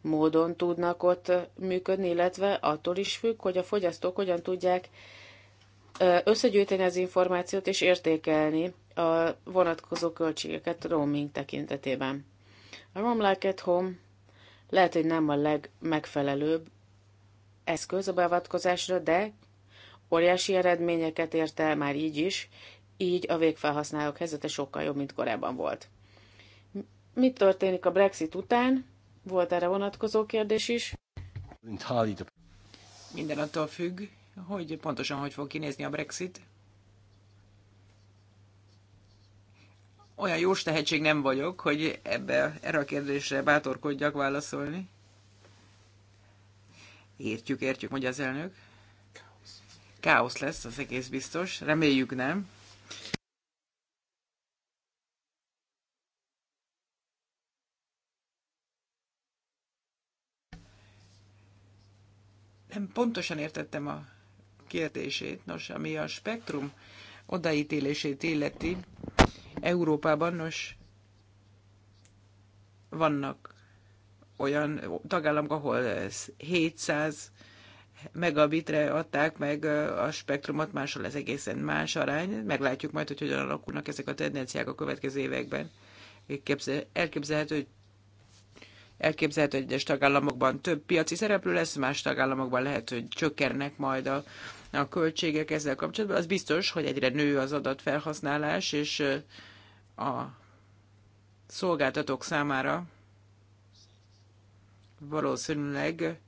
módon tudnak ott működni, illetve attól is függ, hogy a fogyasztók hogyan tudják összegyűjteni az információt és értékelni a vonatkozó költségeket roaming tekintetében. A Home Like at Home lehet, hogy nem a legmegfelelőbb eszköz a beavatkozásra, de óriási eredményeket ért el már így is, így a végfelhasználók helyzete sokkal jobb, mint korábban volt. Mit történik a Brexit után? Volt erre vonatkozó kérdés is. Minden attól függ, hogy pontosan hogy fog kinézni a Brexit. olyan jó tehetség nem vagyok, hogy ebbe, erre a kérdésre bátorkodjak válaszolni. Értjük, értjük, mondja az elnök. Káosz lesz, az egész biztos. Reméljük nem. Nem pontosan értettem a kérdését. Nos, ami a spektrum odaítélését illeti, Európában. Nos, vannak olyan tagállamok, ahol 700 megabitre adták meg a spektrumot, máshol ez egészen más arány. Meglátjuk majd, hogy hogyan alakulnak ezek a tendenciák a következő években. Elképzelhető, hogy elképzelhető, hogy egyes tagállamokban több piaci szereplő lesz, más tagállamokban lehet, hogy csökkennek majd a a költségek ezzel kapcsolatban. Az biztos, hogy egyre nő az adatfelhasználás, és a szolgáltatók számára valószínűleg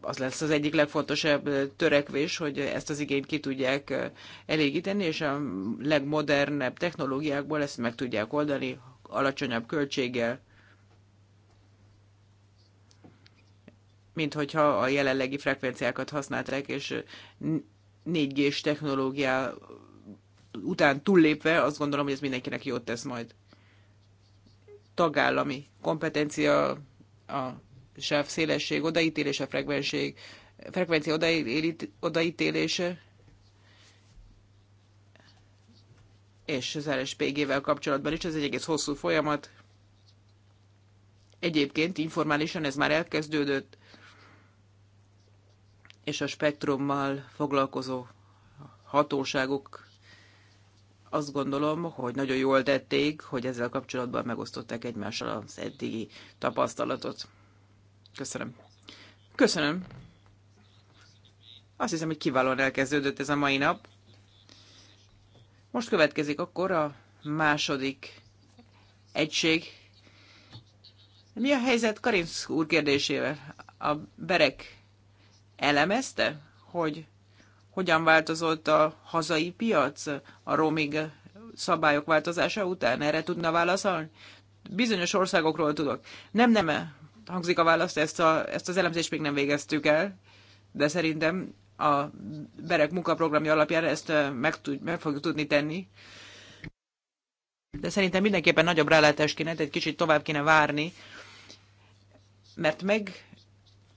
az lesz az egyik legfontosabb törekvés, hogy ezt az igényt ki tudják elégíteni, és a legmodernebb technológiákból ezt meg tudják oldani alacsonyabb költséggel. mint hogyha a jelenlegi frekvenciákat használták, és 4G-s technológiá után túllépve azt gondolom, hogy ez mindenkinek jót tesz majd. Tagállami kompetencia, a sáv szélesség, odaítélése, frekvenség, frekvencia odaítélése, és az rspg vel kapcsolatban is, ez egy egész hosszú folyamat. Egyébként informálisan ez már elkezdődött, és a spektrummal foglalkozó hatóságok azt gondolom, hogy nagyon jól tették, hogy ezzel kapcsolatban megosztották egymással az eddigi tapasztalatot. Köszönöm. Köszönöm. Azt hiszem, hogy kiválóan elkezdődött ez a mai nap. Most következik akkor a második egység. Mi a helyzet Karinsz úr kérdésével? A berek elemezte, hogy hogyan változott a hazai piac a roaming szabályok változása után? Erre tudna válaszolni? Bizonyos országokról tudok. Nem, nem hangzik a válasz, ezt, a, ezt az elemzést még nem végeztük el, de szerintem a Berek munkaprogramja alapján ezt meg, tud, meg fogjuk tudni tenni. De szerintem mindenképpen nagyobb rálátás kéne, egy kicsit tovább kéne várni, mert meg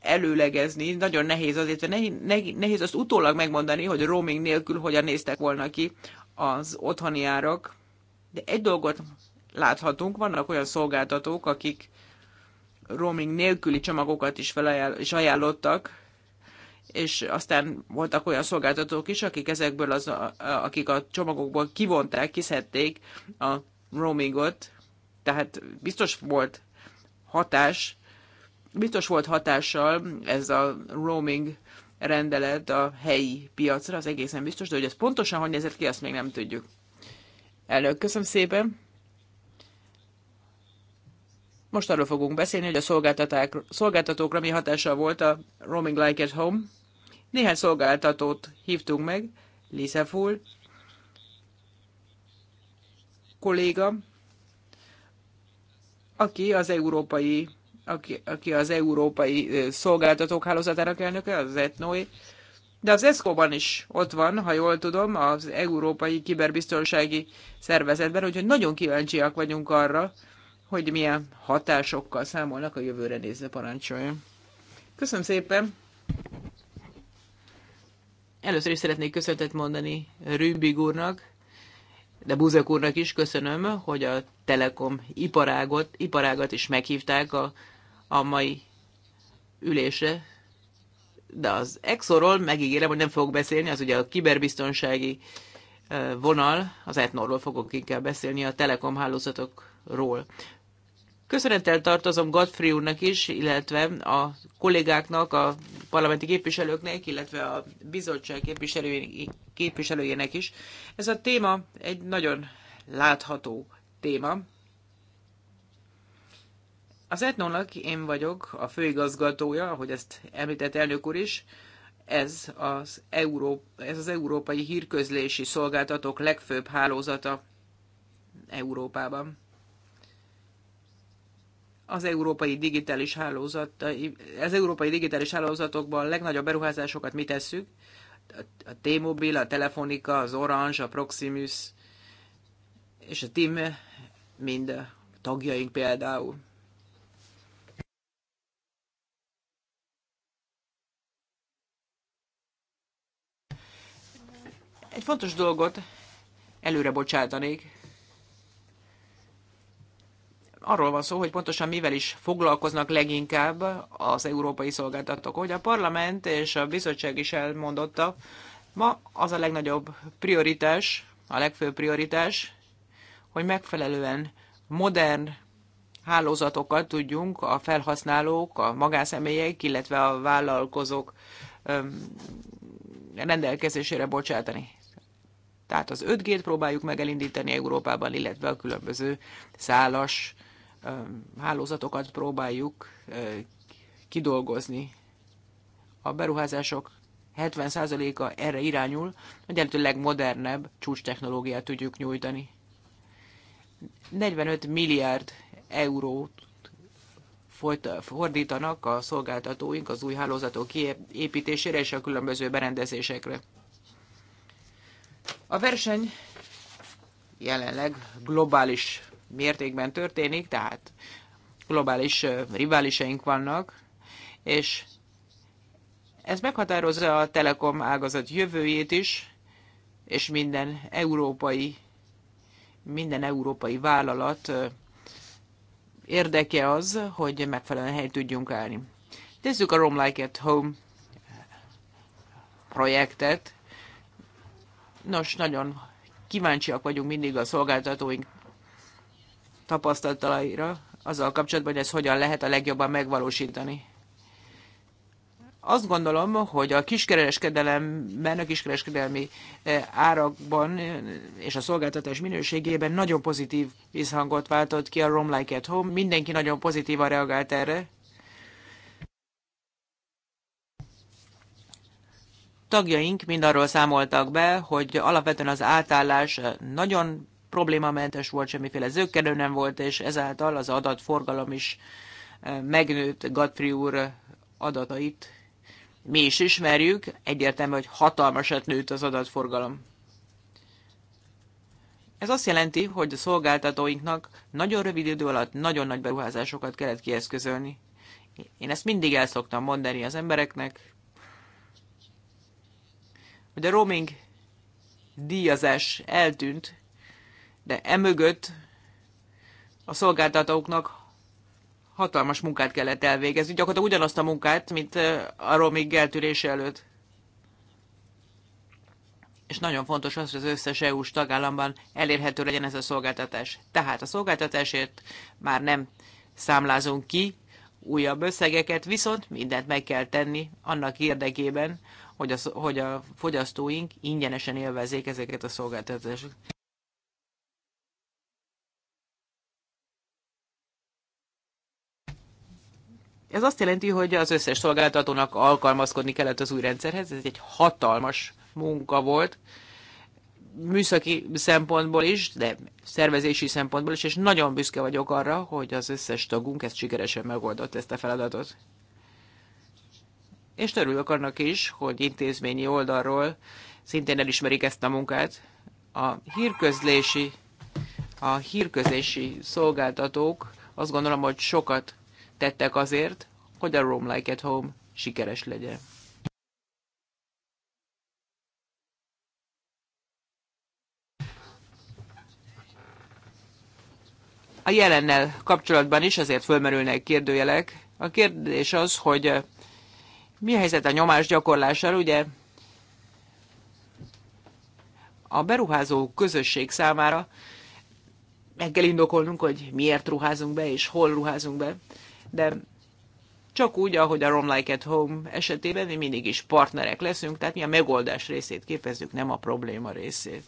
előlegezni, nagyon nehéz azért, mert nehéz azt utólag megmondani, hogy roaming nélkül hogyan néztek volna ki az otthoni árak. De egy dolgot láthatunk, vannak olyan szolgáltatók, akik roaming nélküli csomagokat is, felajánl- is ajánlottak, és aztán voltak olyan szolgáltatók is, akik ezekből az, akik a csomagokból kivonták, kiszedték a roamingot, tehát biztos volt hatás Biztos volt hatással ez a roaming rendelet a helyi piacra, az egészen biztos, de hogy ez pontosan hogy nézett ki, azt még nem tudjuk. Elnök, köszönöm szépen! Most arról fogunk beszélni, hogy a szolgáltatókra mi hatással volt a Roaming Like at Home. Néhány szolgáltatót hívtunk meg, Lisa Full, kolléga, aki az európai aki, aki az európai szolgáltatók hálózatának elnöke, az etnoi, de az ESCO-ban is ott van, ha jól tudom, az Európai Kiberbiztonsági Szervezetben, úgyhogy nagyon kíváncsiak vagyunk arra, hogy milyen hatásokkal számolnak a jövőre nézve parancsoljon. Köszönöm szépen! Először is szeretnék köszöntet mondani Rübig úrnak, de Buzek úrnak is köszönöm, hogy a Telekom iparágot, iparágat is meghívták a a mai ülése, de az Exorról megígérem, hogy nem fogok beszélni, az ugye a kiberbiztonsági vonal, az Etnorról fogok inkább beszélni, a telekom hálózatokról. Köszönettel tartozom Godfrey úrnak is, illetve a kollégáknak, a parlamenti képviselőknek, illetve a bizottság képviselőjének is. Ez a téma egy nagyon látható téma. Az Etnonnak én vagyok a főigazgatója, ahogy ezt említett elnök úr is, ez az, Euró, ez az európai hírközlési szolgáltatók legfőbb hálózata Európában. Az európai digitális, hálózat, az európai digitális hálózatokban a legnagyobb beruházásokat mi tesszük? A T-Mobile, a Telefonica, az Orange, a Proximus és a TIM mind tagjaink például. Egy fontos dolgot előre bocsátanék. Arról van szó, hogy pontosan mivel is foglalkoznak leginkább az európai szolgáltatók. Hogy a parlament és a bizottság is elmondotta, ma az a legnagyobb prioritás, a legfőbb prioritás, hogy megfelelően modern hálózatokat tudjunk a felhasználók, a magánszemélyek, illetve a vállalkozók rendelkezésére bocsátani. Tehát az 5G-t próbáljuk meg elindítani Európában, illetve a különböző szálas hálózatokat próbáljuk kidolgozni. A beruházások 70%-a erre irányul, hogy a legmodernebb csúcstechnológiát tudjuk nyújtani. 45 milliárd eurót fordítanak a szolgáltatóink az új hálózatok kiépítésére és a különböző berendezésekre. A verseny jelenleg globális mértékben történik, tehát globális riválisaink vannak, és ez meghatározza a telekom ágazat jövőjét is, és minden európai, minden európai vállalat érdeke az, hogy megfelelően helyt tudjunk állni. Nézzük a Roam Like at Home projektet. Nos, nagyon kíváncsiak vagyunk mindig a szolgáltatóink tapasztalataira, azzal kapcsolatban, hogy ezt hogyan lehet a legjobban megvalósítani. Azt gondolom, hogy a kiskereskedelemben, a kiskereskedelmi eh, árakban eh, és a szolgáltatás minőségében nagyon pozitív visszhangot váltott ki a Roam Like at Home. Mindenki nagyon pozitívan reagált erre. tagjaink mind arról számoltak be, hogy alapvetően az átállás nagyon problémamentes volt, semmiféle zöggenő nem volt, és ezáltal az adatforgalom is eh, megnőtt Gatfri úr adatait. Mi is ismerjük, egyértelmű, hogy hatalmasat nőtt az adatforgalom. Ez azt jelenti, hogy a szolgáltatóinknak nagyon rövid idő alatt nagyon nagy beruházásokat kellett kieszközölni. Én ezt mindig el szoktam mondani az embereknek, hogy a roaming díjazás eltűnt, de emögött a szolgáltatóknak hatalmas munkát kellett elvégezni, gyakorlatilag ugyanazt a munkát, mint a roaming eltűrése előtt. És nagyon fontos az, hogy az összes EU-s tagállamban elérhető legyen ez a szolgáltatás. Tehát a szolgáltatásért már nem számlázunk ki újabb összegeket, viszont mindent meg kell tenni annak érdekében, hogy a, hogy a fogyasztóink ingyenesen élvezzék ezeket a szolgáltatásokat. Ez azt jelenti, hogy az összes szolgáltatónak alkalmazkodni kellett az új rendszerhez, ez egy hatalmas munka volt, műszaki szempontból is, de szervezési szempontból is, és nagyon büszke vagyok arra, hogy az összes tagunk ezt sikeresen megoldott, ezt a feladatot és örülök annak is, hogy intézményi oldalról szintén elismerik ezt a munkát. A hírközlési, a hírközlési szolgáltatók azt gondolom, hogy sokat tettek azért, hogy a Room Like at Home sikeres legyen. A jelennel kapcsolatban is azért fölmerülnek kérdőjelek. A kérdés az, hogy mi a helyzet a nyomás gyakorlással? Ugye a beruházó közösség számára meg kell indokolnunk, hogy miért ruházunk be és hol ruházunk be, de csak úgy, ahogy a Rom Like at Home esetében mi mindig is partnerek leszünk, tehát mi a megoldás részét képezzük, nem a probléma részét.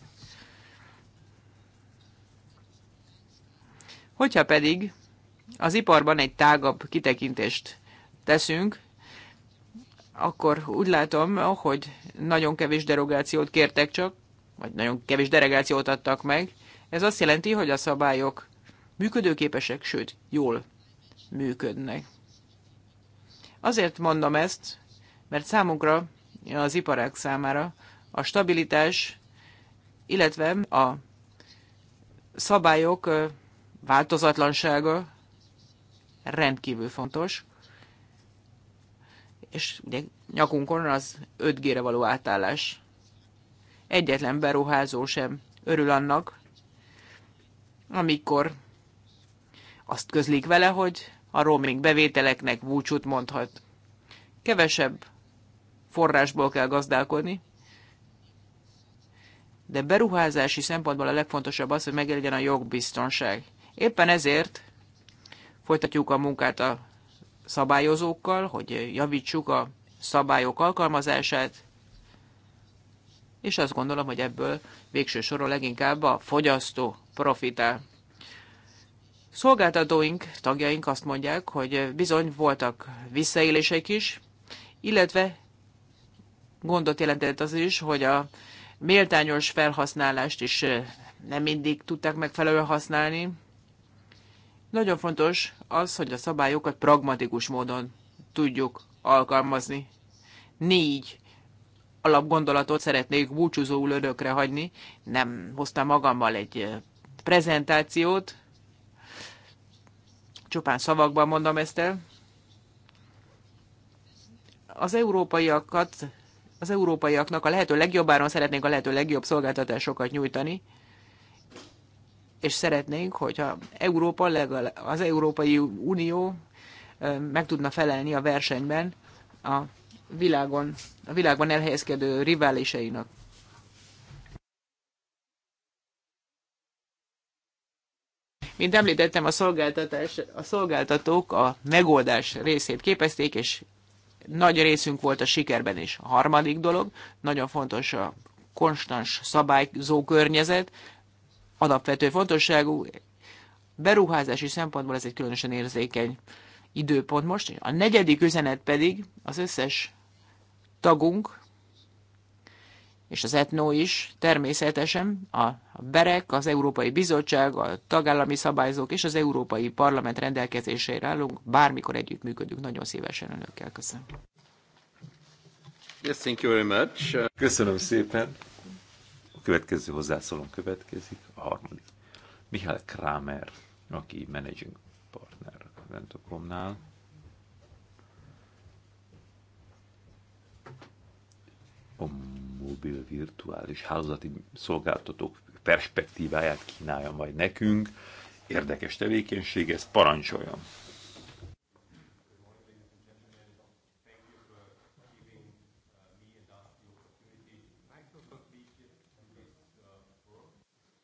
Hogyha pedig az iparban egy tágabb kitekintést teszünk, akkor úgy látom, hogy nagyon kevés derogációt kértek csak, vagy nagyon kevés derogációt adtak meg. Ez azt jelenti, hogy a szabályok működőképesek, sőt, jól működnek. Azért mondom ezt, mert számunkra, az iparák számára a stabilitás, illetve a szabályok változatlansága rendkívül fontos és ugye nyakunkon az 5G-re való átállás. Egyetlen beruházó sem örül annak, amikor azt közlik vele, hogy a roaming bevételeknek búcsút mondhat. Kevesebb forrásból kell gazdálkodni, de beruházási szempontból a legfontosabb az, hogy meglegyen a jogbiztonság. Éppen ezért folytatjuk a munkát a szabályozókkal, hogy javítsuk a szabályok alkalmazását, és azt gondolom, hogy ebből végső soron leginkább a fogyasztó profitál. Szolgáltatóink, tagjaink azt mondják, hogy bizony voltak visszaélések is, illetve gondot jelentett az is, hogy a méltányos felhasználást is nem mindig tudták megfelelően használni. Nagyon fontos az, hogy a szabályokat pragmatikus módon tudjuk alkalmazni. Négy alapgondolatot szeretnék búcsúzóul örökre hagyni. Nem hoztam magammal egy prezentációt, csupán szavakban mondom ezt el. Az európaiakat, az európaiaknak a lehető legjobbáron szeretnénk a lehető legjobb szolgáltatásokat nyújtani és szeretnénk, hogyha Európa, legalább, az Európai Unió meg tudna felelni a versenyben a világon, a világban elhelyezkedő riváliseinak. Mint említettem, a, szolgáltatás, a szolgáltatók a megoldás részét képezték, és nagy részünk volt a sikerben is. A harmadik dolog, nagyon fontos a konstans szabályzó környezet, alapvető fontosságú. Beruházási szempontból ez egy különösen érzékeny időpont most. A negyedik üzenet pedig az összes tagunk, és az etnó is természetesen, a BEREK, az Európai Bizottság, a tagállami szabályzók és az Európai Parlament rendelkezésére állunk, bármikor együttműködünk, nagyon szívesen önökkel. Köszönöm. Yes, thank you very much. Köszönöm szépen következő hozzászólón következik, a harmadik. Mihály Kramer, aki managing partner Ventokomnál. A mobil virtuális házati szolgáltatók perspektíváját kínálja majd nekünk. Érdekes tevékenység, ezt parancsoljon.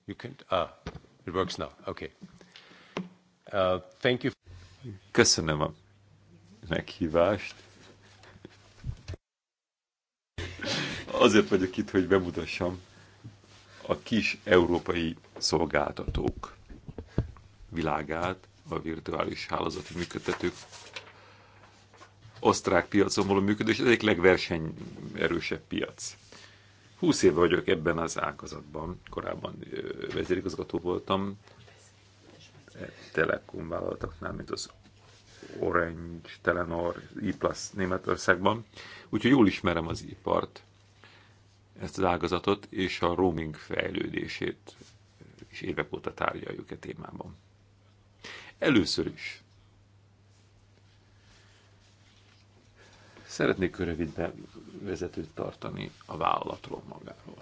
You can, ah, it works now. Okay. Uh, thank you. Köszönöm a meghívást. Azért vagyok itt, hogy bemutassam a kis európai szolgáltatók világát, a virtuális hálózati működtetők osztrák piacon való működés, ez egyik legversenyerősebb piac 20 éve vagyok ebben az ágazatban, korábban vezérigazgató voltam, e, Telekom vállalatoknál, mint az Orange, Telenor, iPlus Németországban. Úgyhogy jól ismerem az ipart, ezt az ágazatot, és a roaming fejlődését is évek óta tárgyaljuk e témában. Először is Szeretnék rövid vezetőt tartani a vállalatról magáról.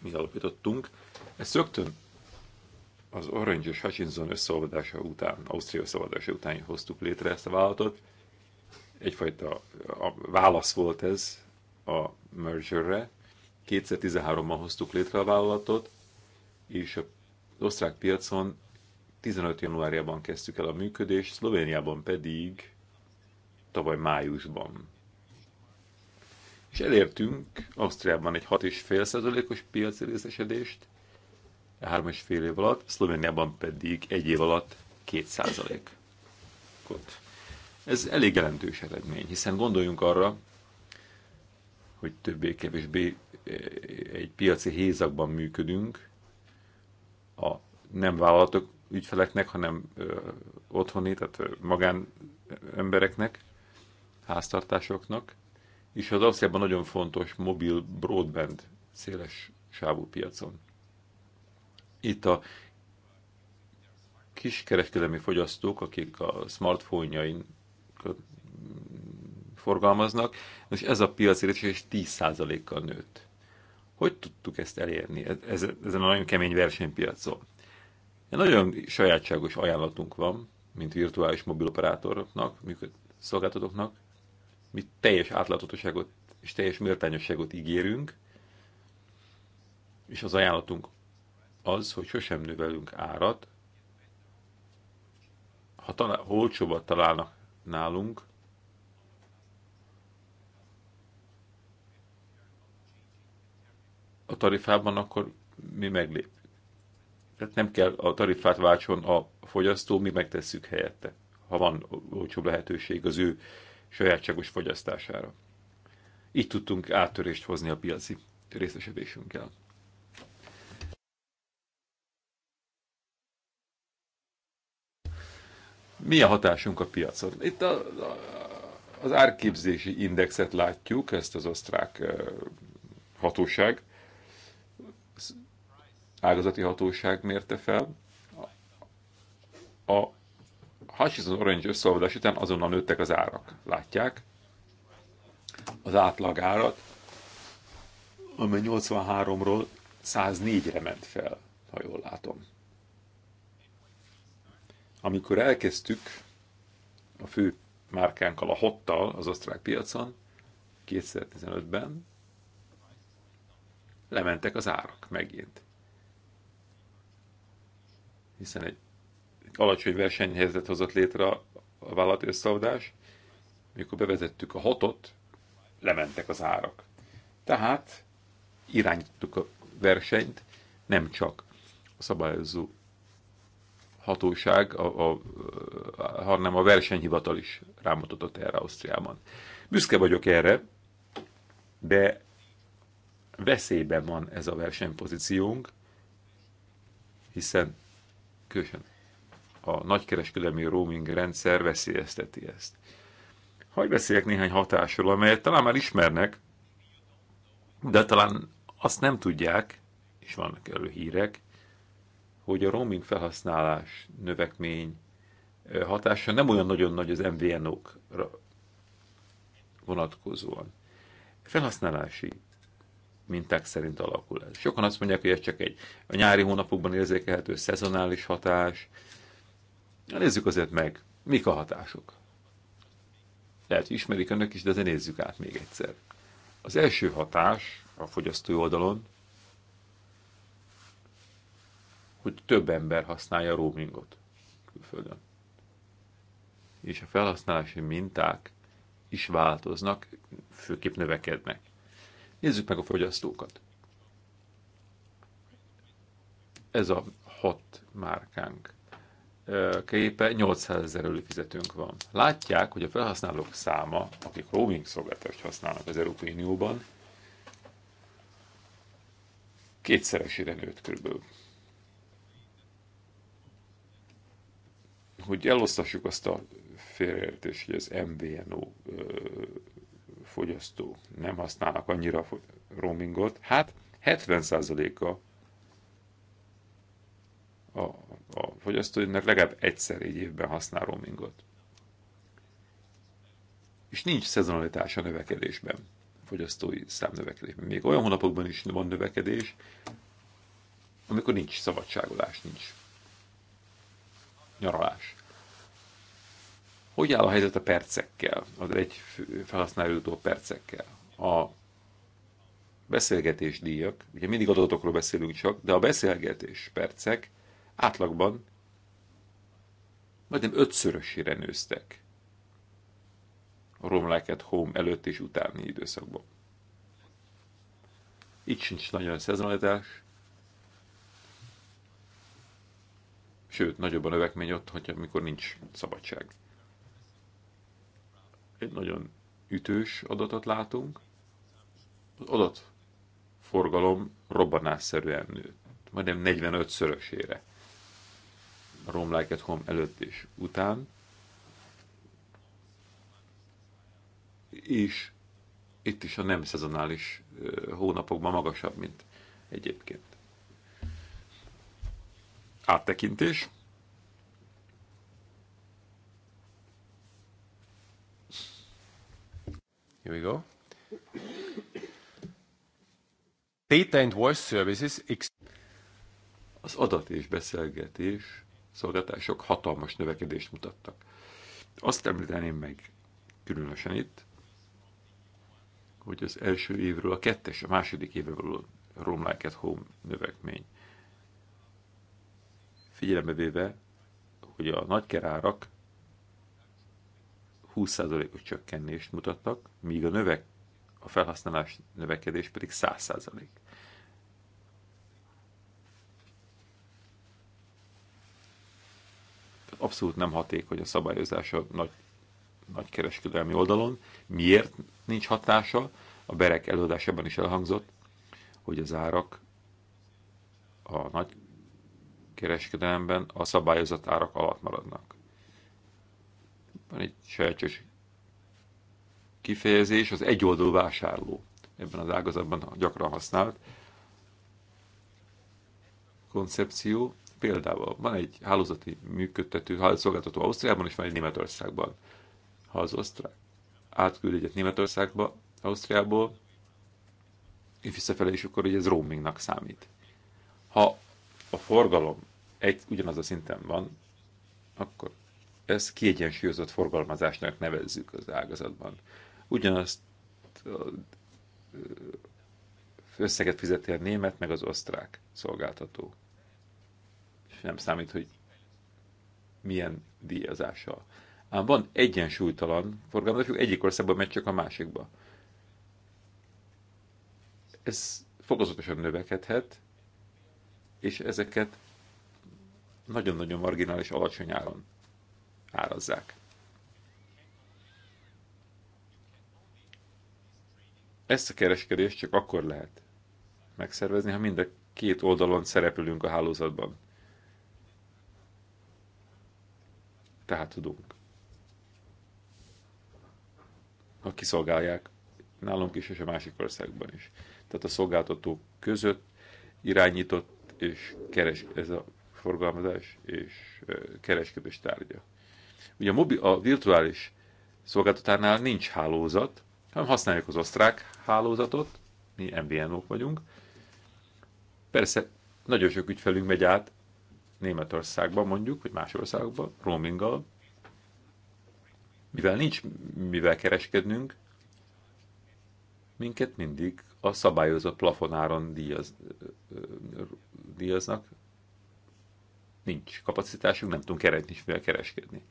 Mi alapítottunk. Ezt rögtön az Orange és Hutchinson összeolvadása után, Ausztria összeolvadása után hoztuk létre ezt a vállalatot. Egyfajta a válasz volt ez a mergerre. 2013-ban hoztuk létre a vállalatot, és az osztrák piacon 15 januárjában kezdtük el a működést, Szlovéniában pedig tavaly májusban. És elértünk Ausztriában egy 6,5%-os piaci részesedést, 3,5 év alatt, Szlovéniában pedig egy év alatt 2%-ot. Ez elég jelentős eredmény, hiszen gondoljunk arra, hogy többé-kevésbé eh, egy piaci hézakban működünk, a nem vállalatok ügyfeleknek, hanem ö, otthoni, tehát ö, magán embereknek háztartásoknak, és az Ausztriában nagyon fontos mobil broadband széles sávú piacon. Itt a kiskereskedelmi fogyasztók, akik a smartphone-jain forgalmaznak, és ez a piac is 10%-kal nőtt. Hogy tudtuk ezt elérni e- ezen a nagyon kemény versenypiacon? Egy nagyon sajátságos ajánlatunk van, mint virtuális mobiloperátoroknak, szolgáltatóknak mi teljes átlátotosságot és teljes méltányosságot ígérünk, és az ajánlatunk az, hogy sosem növelünk árat, ha talál, olcsóbbat találnak nálunk, a tarifában, akkor mi meglép. Tehát nem kell a tarifát váltson a fogyasztó, mi megtesszük helyette, ha van olcsóbb lehetőség az ő sajátságos fogyasztására. Így tudtunk áttörést hozni a piaci részesedésünkkel. Mi a hatásunk a piacon? Itt a, a, az árképzési indexet látjuk, ezt az osztrák hatóság, ágazati hatóság mérte fel. A az Orange összeolvadás után azonnal nőttek az árak. Látják? Az átlag árat, amely 83-ról 104-re ment fel, ha jól látom. Amikor elkezdtük a fő márkánkkal, a hottal az osztrák piacon, 2015-ben, lementek az árak megint. Hiszen egy alacsony versenyhelyzet hozott létre a vállalat összeadás. Mikor bevezettük a hatot, lementek az árak. Tehát irányítottuk a versenyt, nem csak a szabályozó hatóság, a, a, a, hanem a versenyhivatal is rámutatott erre Ausztriában. Büszke vagyok erre, de veszélyben van ez a versenypozíciónk, hiszen különösen a nagykereskedelmi roaming rendszer veszélyezteti ezt. Hogy beszéljek néhány hatásról, amelyet talán már ismernek, de talán azt nem tudják, és vannak elő hírek, hogy a roaming felhasználás növekmény hatása nem olyan nagyon nagy az MVNO-kra vonatkozóan. Felhasználási minták szerint alakul ez. Sokan azt mondják, hogy ez csak egy a nyári hónapokban érzékelhető szezonális hatás, Nézzük azért meg, mik a hatások. Lehet, hogy ismerik önök is, de azért nézzük át még egyszer. Az első hatás a fogyasztói oldalon, hogy több ember használja a roamingot külföldön. És a felhasználási minták is változnak, főképp növekednek. Nézzük meg a fogyasztókat. Ez a hat márkánk képe 800 ezer előfizetőnk van. Látják, hogy a felhasználók száma, akik roaming szolgáltatást használnak az Európai Unióban, kétszeresére nőtt körülbelül. Hogy elosztassuk azt a félreértést, hogy az MVNO fogyasztó nem használnak annyira roamingot, hát 70%-a a, a fogyasztóinak legalább egyszer egy évben használ roamingot. És nincs szezonalitás a növekedésben, a fogyasztói növekedésben Még olyan hónapokban is van növekedés, amikor nincs szabadságolás, nincs nyaralás. Hogy áll a helyzet a percekkel, az egy felhasználódó percekkel? A beszélgetés díjak, ugye mindig adatokról beszélünk csak, de a beszélgetés percek átlagban majdnem ötszörösére nőztek a romláket home előtt és utáni időszakban. Itt sincs nagyon szezonalitás, sőt, nagyobb a növekmény ott, hogyha mikor nincs szabadság. Egy nagyon ütős adatot látunk. Az adatforgalom robbanásszerűen nőtt, majdnem 45-szörösére a Rome Like at Home előtt és után, és itt is a nem szezonális hónapokban magasabb, mint egyébként. Áttekintés. Here we go. Data and voice services. Az adat és beszélgetés szolgáltatások hatalmas növekedést mutattak. Azt említeném meg különösen itt, hogy az első évről a kettes, a második évről a Rome Like at Home növekmény. Figyelembe véve, hogy a nagykerárak 20%-os csökkenést mutattak, míg a növek, a felhasználás növekedés pedig 100%. abszolút nem hatékony a szabályozása nagy, nagy kereskedelmi oldalon. Miért nincs hatása? A Berek előadásában is elhangzott, hogy az árak a nagy kereskedelemben a szabályozott árak alatt maradnak. Van egy sajátos kifejezés, az egyoldalú vásárló. Ebben az ágazatban gyakran használt koncepció, Például van egy hálózati működtető, szolgáltató Ausztriában, és van egy Németországban. Ha az osztrák átküld egyet Németországba, Ausztriából, és visszafelé is akkor, ugye ez roamingnak számít. Ha a forgalom egy ugyanaz a szinten van, akkor ezt kiegyensúlyozott forgalmazásnak nevezzük az ágazatban. Ugyanazt összeget fizeti a német, meg az osztrák szolgáltató nem számít, hogy milyen díjazással. Ám van egyensúlytalan forgalmazásuk, egyik országban megy csak a másikba. Ez fokozatosan növekedhet, és ezeket nagyon-nagyon marginális alacsony áron árazzák. Ezt a kereskedést csak akkor lehet megszervezni, ha mind a két oldalon szerepülünk a hálózatban. tehát tudunk. Ha kiszolgálják nálunk is, és a másik országban is. Tehát a szolgáltatók között irányított és keres, ez a forgalmazás és kereskedés tárgya. Ugye a, mobil, a virtuális szolgáltatánál nincs hálózat, hanem használjuk az osztrák hálózatot, mi MVNO-k vagyunk. Persze nagyon sok ügyfelünk megy át Németországban mondjuk, vagy más országokban, roaminggal, mivel nincs mivel kereskednünk, minket mindig a szabályozott plafonáron díjaz, díjaznak. Nincs kapacitásunk, nem tudunk keresni, nincs mivel kereskedni.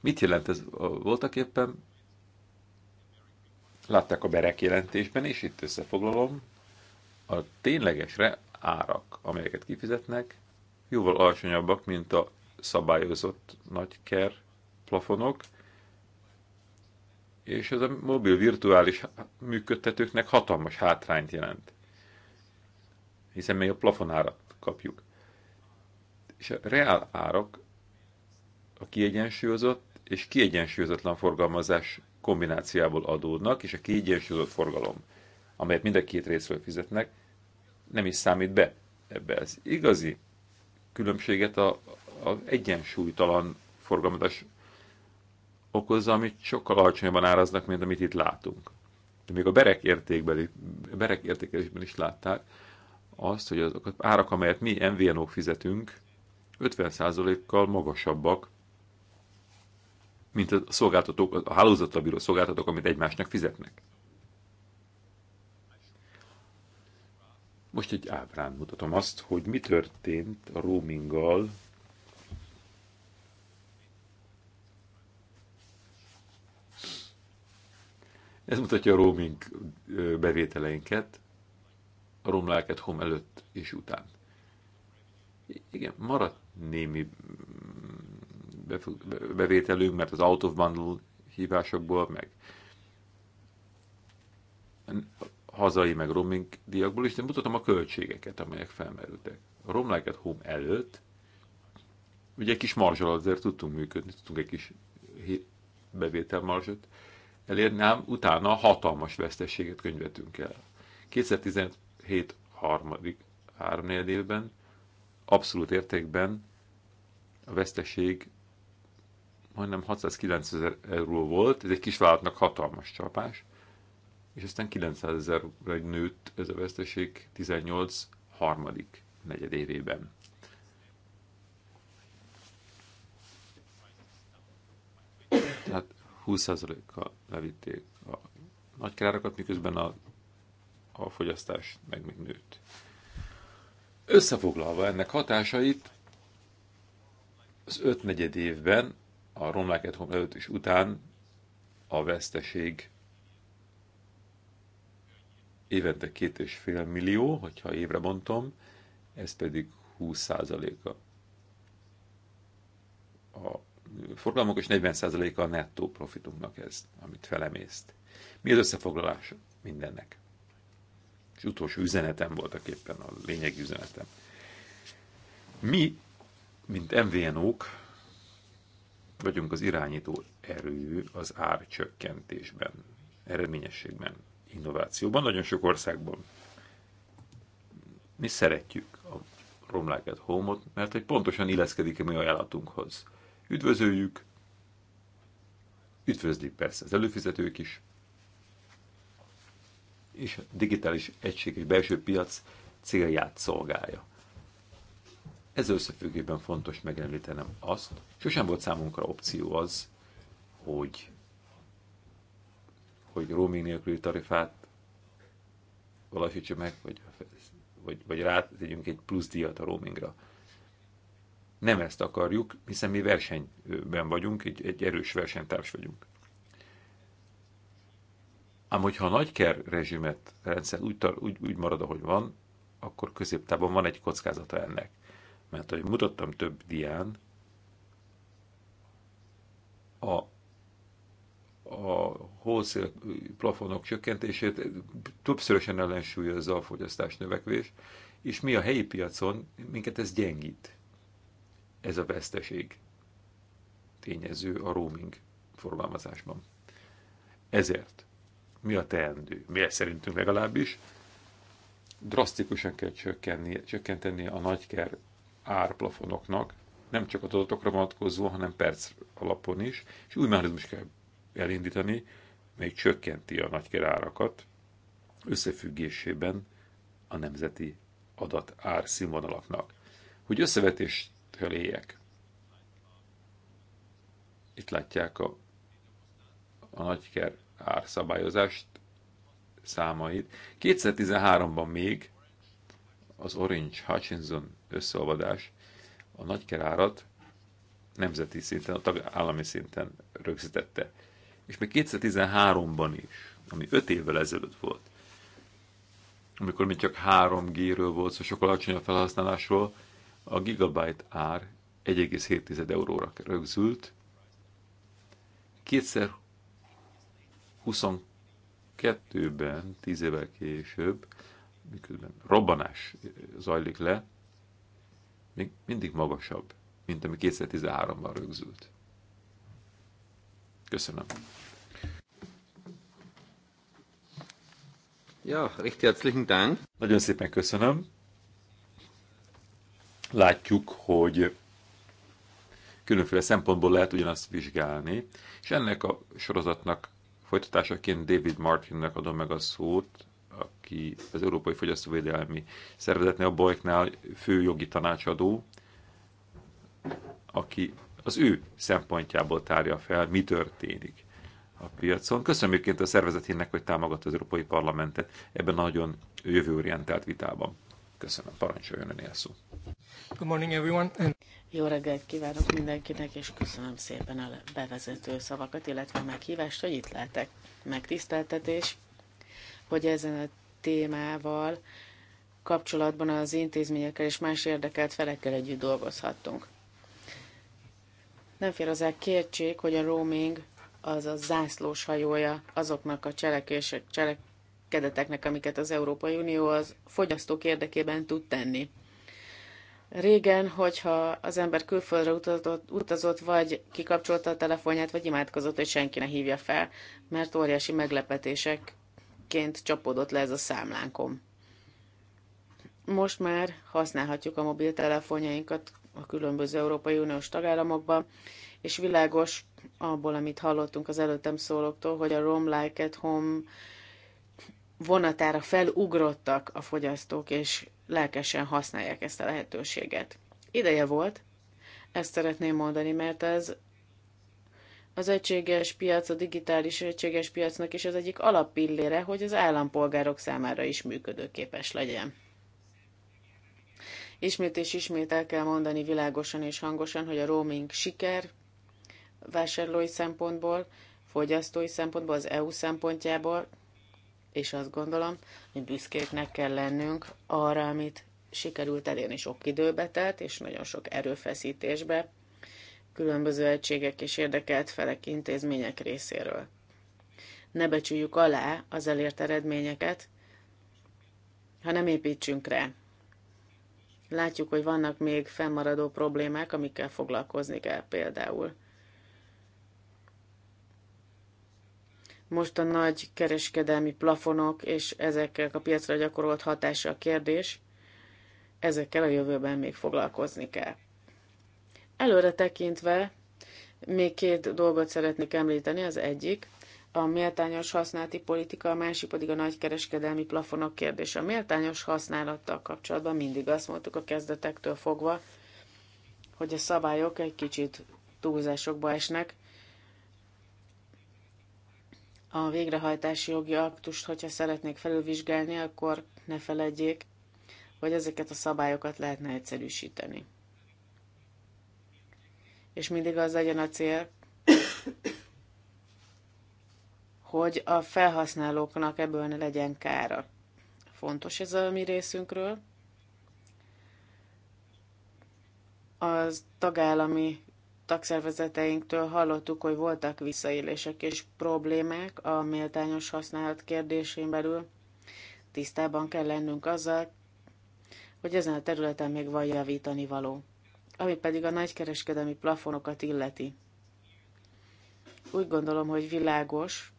Mit jelent ez voltak éppen? Látták a berek jelentésben, és itt összefoglalom, a ténylegesre árak, amelyeket kifizetnek, jóval alacsonyabbak, mint a szabályozott nagyker plafonok, és ez a mobil virtuális működtetőknek hatalmas hátrányt jelent, hiszen még a plafonárat kapjuk. És a reál árak a kiegyensúlyozott és kiegyensúlyozatlan forgalmazás kombináciából adódnak, és a kiegyensúlyozott forgalom, amelyet mind a két részről fizetnek, nem is számít be ebbe. az igazi különbséget a, a egyensúlytalan forgalmazás okozza, amit sokkal alacsonyabban áraznak, mint amit itt látunk. De még a berek, értékben, berek értékelésben is látták azt, hogy azok az árak, amelyet mi MVNO-k fizetünk, 50%-kal magasabbak, mint a szolgáltatók, a hálózattal szolgáltatók, amit egymásnak fizetnek. Most egy ábrán mutatom azt, hogy mi történt a roaminggal Ez mutatja a roaming bevételeinket a romláket home előtt és után. Igen, maradt némi mm, bevételünk, mert az out of bundle hívásokból, meg hazai meg roaming díjakból is, de mutatom a költségeket, amelyek felmerültek. A Roam Home előtt ugye egy kis marzsal azért tudtunk működni, tudtunk egy kis bevételmarzsot elérni, ám utána hatalmas veszteséget könyvetünk el. 2017 harmadik három évben abszolút értékben a veszteség majdnem 690 ezer euró volt, ez egy kisvállalatnak hatalmas csapás és aztán 900 ezerre nőtt ez a veszteség 18 harmadik negyedévében. Tehát 20%-kal levitték a nagy kerárakat, miközben a, a fogyasztás meg még nőtt. Összefoglalva ennek hatásait, az öt negyed évben, a romlák és után a veszteség évente két és fél millió, hogyha évre bontom, ez pedig 20%-a a forgalmunk, és 40%-a a nettó profitunknak ez, amit felemészt. Mi az összefoglalás mindennek? És utolsó üzenetem voltak éppen a lényegi üzenetem. Mi, mint MVNO-k, vagyunk az irányító erő az árcsökkentésben, eredményességben, innovációban, nagyon sok országban. Mi szeretjük a romláket homot, mert egy pontosan illeszkedik a mi ajánlatunkhoz. Üdvözöljük, üdvözlik persze az előfizetők is, és a digitális egység és belső piac célját szolgálja. Ez összefüggésben fontos megemlítenem azt, sosem volt számunkra opció az, hogy hogy roaming nélküli tarifát valósítsa meg, vagy, vagy, vagy rá, tegyünk egy plusz díjat a roamingra. Nem ezt akarjuk, hiszen mi versenyben vagyunk, egy, egy erős versenytárs vagyunk. Ám hogyha a nagyker rezsimet rendszer úgy, tar, úgy, úgy marad, ahogy van, akkor középtában van egy kockázata ennek. Mert ahogy mutattam több dián, a a wholesale plafonok csökkentését többszörösen ellensúlyozza a fogyasztás növekvés, és mi a helyi piacon, minket ez gyengít. Ez a veszteség tényező a roaming forgalmazásban. Ezért mi a teendő? Mi szerintünk legalábbis? Drasztikusan kell csökkenni, csökkenteni a nagyker árplafonoknak, nem csak a adatokra vonatkozó, hanem perc alapon is, és új mechanizmus kell elindítani, mely csökkenti a nagykerárakat összefüggésében a nemzeti adat ár színvonalaknak. Hogy összevetést éljek. Itt látják a, a nagyker árszabályozást, számait. 2013-ban még az Orange Hutchinson összeolvadás a árat nemzeti szinten, a tagállami szinten rögzítette és még 2013-ban is, ami 5 évvel ezelőtt volt, amikor még csak 3G-ről volt szóval sokkal alacsonyabb felhasználásról, a gigabyte ár 1,7 euróra rögzült, kétszer 22-ben, 10 évvel később, miközben robbanás zajlik le, még mindig magasabb, mint ami 2013-ban rögzült. Köszönöm. Ja, richtig herzlichen Dank. Nagyon szépen köszönöm. Látjuk, hogy különféle szempontból lehet ugyanazt vizsgálni, és ennek a sorozatnak folytatásaként David Martinnek adom meg a szót, aki az Európai Fogyasztóvédelmi Szervezetnél a Bajknál fő jogi tanácsadó, aki az ő szempontjából tárja fel, mi történik a piacon. Köszönöm egyébként a szervezetének, hogy támogatta az Európai Parlamentet ebben a nagyon jövőorientált vitában. Köszönöm, parancsoljon a szó. Good morning everyone. Jó reggelt kívánok mindenkinek, és köszönöm szépen a bevezető szavakat, illetve a meghívást, hogy itt lehetek. Megtiszteltetés, hogy ezen a témával kapcsolatban az intézményekkel és más érdekelt felekkel együtt dolgozhattunk nem az kértség, hogy a roaming az a zászlós hajója azoknak a cselekések, cselekedeteknek, amiket az Európai Unió az fogyasztók érdekében tud tenni. Régen, hogyha az ember külföldre utazott, utazott, vagy kikapcsolta a telefonját, vagy imádkozott, hogy senki ne hívja fel, mert óriási meglepetésekként csapódott le ez a számlánkom. Most már használhatjuk a mobiltelefonjainkat a különböző Európai Uniós tagállamokban, és világos abból, amit hallottunk az előttem szólóktól, hogy a Rome Like at Home vonatára felugrottak a fogyasztók, és lelkesen használják ezt a lehetőséget. Ideje volt, ezt szeretném mondani, mert ez az egységes piac, a digitális egységes piacnak is az egyik alappillére, hogy az állampolgárok számára is működőképes legyen. Ismét és ismét el kell mondani világosan és hangosan, hogy a roaming siker vásárlói szempontból, fogyasztói szempontból, az EU szempontjából, és azt gondolom, hogy büszkéknek kell lennünk arra, amit sikerült elérni sok időbe telt, és nagyon sok erőfeszítésbe különböző egységek és érdekelt felek intézmények részéről. Ne becsüljük alá az elért eredményeket, hanem építsünk rá. Látjuk, hogy vannak még fennmaradó problémák, amikkel foglalkozni kell például. Most a nagy kereskedelmi plafonok és ezekkel a piacra gyakorolt hatása a kérdés, ezekkel a jövőben még foglalkozni kell. Előre tekintve még két dolgot szeretnék említeni, az egyik – a méltányos használati politika, a másik pedig a nagykereskedelmi plafonok kérdése. A méltányos használattal kapcsolatban mindig azt mondtuk a kezdetektől fogva, hogy a szabályok egy kicsit túlzásokba esnek. A végrehajtási jogi aktust, hogyha szeretnék felülvizsgálni, akkor ne feledjék, hogy ezeket a szabályokat lehetne egyszerűsíteni. És mindig az legyen a cél, hogy a felhasználóknak ebből ne legyen kára. Fontos ez a mi részünkről. Az tagállami tagszervezeteinktől hallottuk, hogy voltak visszaélések és problémák a méltányos használat kérdésén belül. Tisztában kell lennünk azzal, hogy ezen a területen még van javítani való. Ami pedig a nagykereskedelmi plafonokat illeti. Úgy gondolom, hogy világos,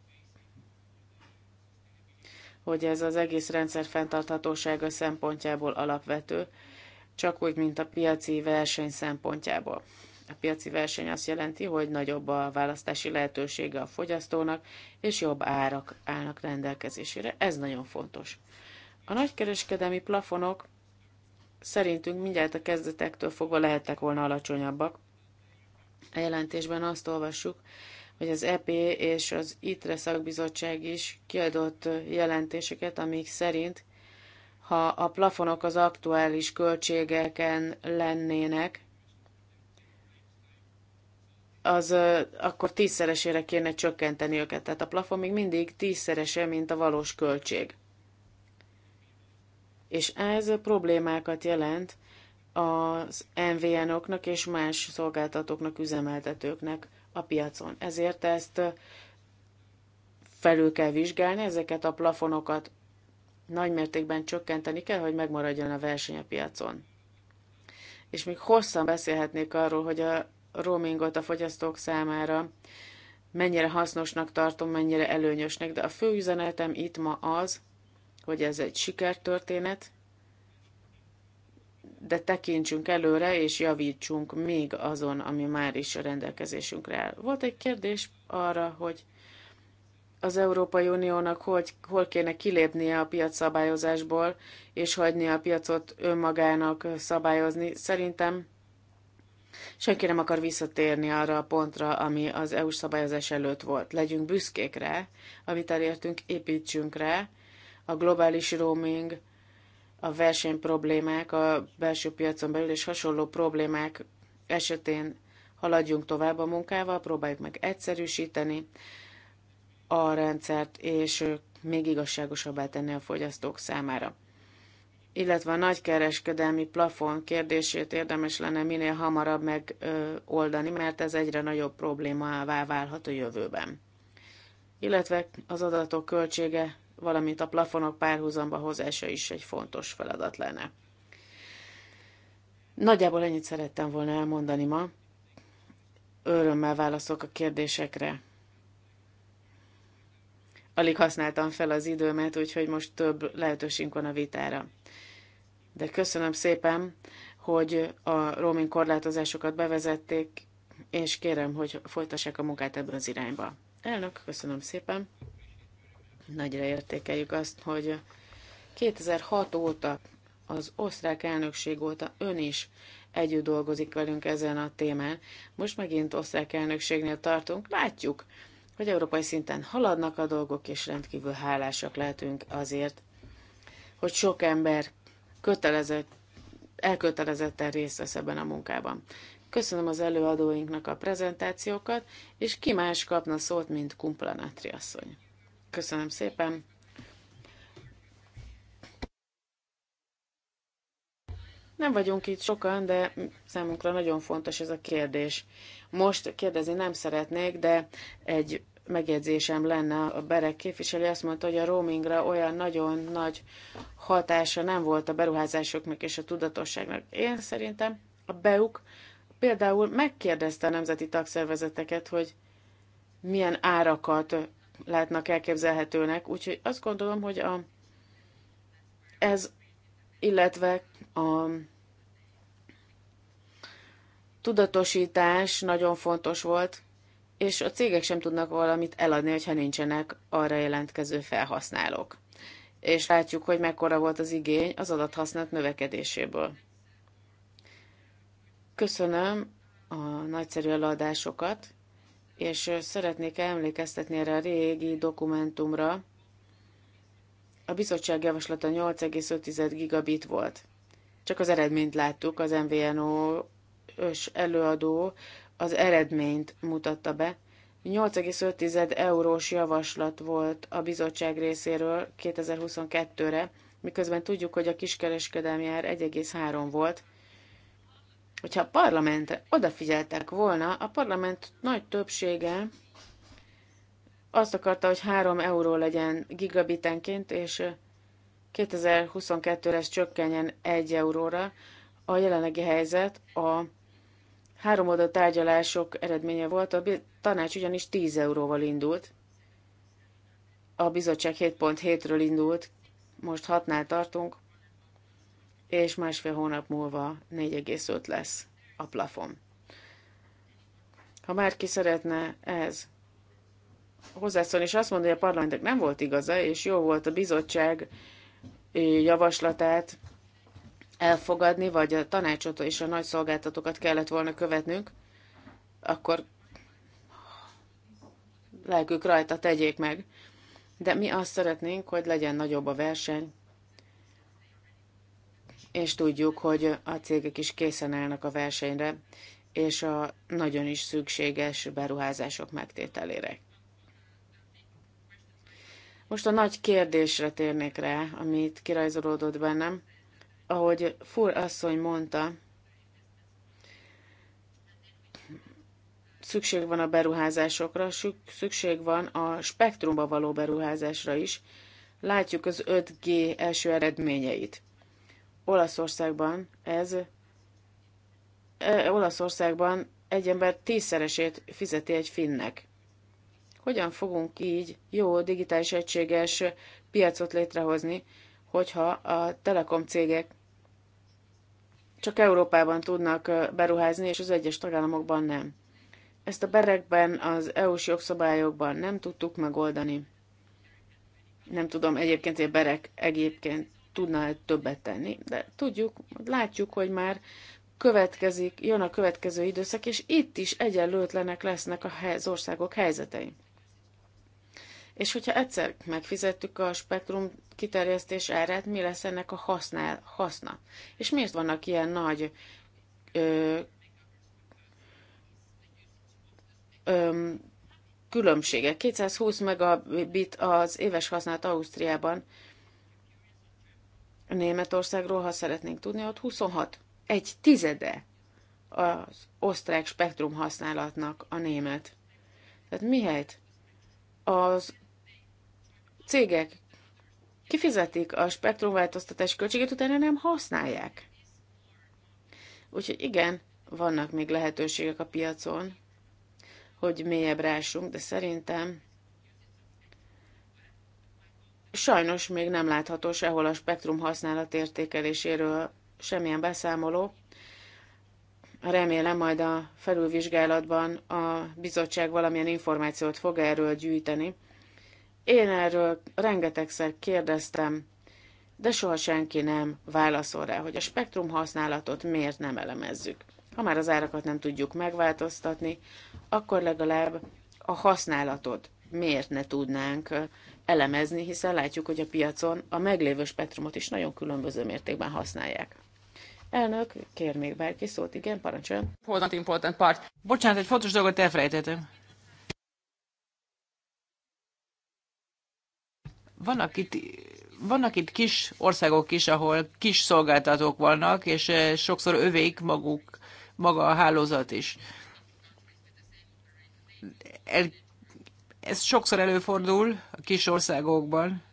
hogy ez az egész rendszer fenntarthatósága szempontjából alapvető, csak úgy, mint a piaci verseny szempontjából. A piaci verseny azt jelenti, hogy nagyobb a választási lehetősége a fogyasztónak, és jobb árak állnak rendelkezésére. Ez nagyon fontos. A nagykereskedelmi plafonok szerintünk mindjárt a kezdetektől fogva lehettek volna alacsonyabbak. A jelentésben azt olvassuk, hogy az EP és az ITRE szakbizottság is kiadott jelentéseket, amik szerint, ha a plafonok az aktuális költségeken lennének, az akkor tízszeresére kéne csökkenteni őket. Tehát a plafon még mindig tízszerese, mint a valós költség. És ez problémákat jelent az MVN-oknak és más szolgáltatóknak, üzemeltetőknek, a piacon. Ezért ezt felül kell vizsgálni, ezeket a plafonokat nagymértékben csökkenteni kell, hogy megmaradjon a verseny a piacon. És még hosszan beszélhetnék arról, hogy a roamingot a fogyasztók számára mennyire hasznosnak tartom, mennyire előnyösnek, de a fő üzenetem itt ma az, hogy ez egy sikertörténet, de tekintsünk előre, és javítsunk még azon, ami már is a rendelkezésünkre áll. Volt egy kérdés arra, hogy az Európai Uniónak hogy, hol kéne kilépnie a piac szabályozásból és hagyni a piacot önmagának szabályozni. Szerintem senki nem akar visszatérni arra a pontra, ami az EU-s szabályozás előtt volt. Legyünk büszkék rá, amit elértünk, építsünk rá. A globális roaming a verseny problémák a belső piacon belül és hasonló problémák esetén haladjunk tovább a munkával, próbáljuk meg egyszerűsíteni a rendszert, és még igazságosabbá tenni a fogyasztók számára. Illetve a nagykereskedelmi plafon kérdését érdemes lenne minél hamarabb megoldani, mert ez egyre nagyobb problémává válhat a jövőben. Illetve az adatok költsége valamint a plafonok párhuzamba hozása is egy fontos feladat lenne. Nagyjából ennyit szerettem volna elmondani ma. Örömmel válaszolok a kérdésekre. Alig használtam fel az időmet, úgyhogy most több lehetőségünk van a vitára. De köszönöm szépen, hogy a roaming korlátozásokat bevezették, és kérem, hogy folytassák a munkát ebben az irányba. Elnök, köszönöm szépen. Nagyra értékeljük azt, hogy 2006 óta, az osztrák elnökség óta ön is együtt dolgozik velünk ezen a témán. Most megint osztrák elnökségnél tartunk, látjuk, hogy európai szinten haladnak a dolgok, és rendkívül hálásak lehetünk azért, hogy sok ember kötelezett, elkötelezetten részt vesz ebben a munkában. Köszönöm az előadóinknak a prezentációkat, és ki más kapna szót, mint Kumplanátri asszony. Köszönöm szépen. Nem vagyunk itt sokan, de számunkra nagyon fontos ez a kérdés. Most kérdezni nem szeretnék, de egy megjegyzésem lenne. A Berek képviselő azt mondta, hogy a roamingra olyan nagyon nagy hatása nem volt a beruházásoknak és a tudatosságnak. Én szerintem a BEUK például megkérdezte a nemzeti tagszervezeteket, hogy milyen árakat látnak elképzelhetőnek, úgyhogy azt gondolom, hogy a, ez, illetve a tudatosítás nagyon fontos volt, és a cégek sem tudnak valamit eladni, hogyha nincsenek arra jelentkező felhasználók. És látjuk, hogy mekkora volt az igény az adathasználat növekedéséből. Köszönöm a nagyszerű előadásokat, és szeretnék emlékeztetni erre a régi dokumentumra. A bizottság javaslata 8,5 gigabit volt. Csak az eredményt láttuk, az MVNO-ös előadó az eredményt mutatta be. 8,5 eurós javaslat volt a bizottság részéről 2022-re, miközben tudjuk, hogy a kiskereskedelmi ár 1,3 volt, hogyha a Parlament odafigyeltek volna, a parlament nagy többsége azt akarta, hogy 3 euró legyen gigabitenként, és 2022-re csökkenjen 1 euróra. A jelenlegi helyzet a három oda tárgyalások eredménye volt, a tanács ugyanis 10 euróval indult, a bizottság 7.7-ről indult, most 6-nál tartunk, és másfél hónap múlva 4,5 lesz a plafon. Ha bárki szeretne ez hozzászólni, és azt mondja, hogy a parlamentek nem volt igaza, és jó volt a bizottság javaslatát elfogadni, vagy a tanácsot és a nagy szolgáltatókat kellett volna követnünk, akkor lelkük rajta tegyék meg. De mi azt szeretnénk, hogy legyen nagyobb a verseny, és tudjuk, hogy a cégek is készen állnak a versenyre, és a nagyon is szükséges beruházások megtételére. Most a nagy kérdésre térnék rá, amit kirajzolódott bennem. Ahogy Fur asszony mondta, szükség van a beruházásokra, szükség van a spektrumba való beruházásra is. Látjuk az 5G első eredményeit. Olaszországban ez e, Olaszországban egy ember tízszeresét fizeti egy finnek. Hogyan fogunk így jó digitális egységes piacot létrehozni, hogyha a telekom cégek csak Európában tudnak e, beruházni, és az egyes tagállamokban nem. Ezt a berekben, az EU-s jogszabályokban nem tudtuk megoldani. Nem tudom, egyébként egy berek egyébként tudna többet tenni, de tudjuk, látjuk, hogy már következik, jön a következő időszak, és itt is egyenlőtlenek lesznek az országok helyzetei. És hogyha egyszer megfizettük a spektrum kiterjesztés árát, mi lesz ennek a használ, haszna? És miért vannak ilyen nagy ö, ö, különbségek? 220 megabit az éves használat Ausztriában, Németországról, ha szeretnénk tudni, ott 26, egy tizede az osztrák spektrum használatnak a német. Tehát mihelyt az cégek kifizetik a spektrumváltoztatás költségét, utána nem használják. Úgyhogy igen, vannak még lehetőségek a piacon, hogy mélyebb rásunk, de szerintem Sajnos még nem látható sehol a spektrum használat értékeléséről semmilyen beszámoló. Remélem majd a felülvizsgálatban a bizottság valamilyen információt fog erről gyűjteni. Én erről rengetegszer kérdeztem, de soha senki nem válaszol rá, hogy a spektrum használatot miért nem elemezzük. Ha már az árakat nem tudjuk megváltoztatni, akkor legalább a használatot miért ne tudnánk elemezni, hiszen látjuk, hogy a piacon a meglévő spektrumot is nagyon különböző mértékben használják. Elnök, kér még bárki szót, igen, parancsoljon. Important, important part. Bocsánat, egy fontos dolgot elfelejtettem. Vannak itt, vannak itt kis országok is, ahol kis szolgáltatók vannak, és eh, sokszor övék maguk, maga a hálózat is. El ez sokszor előfordul a kis országokban.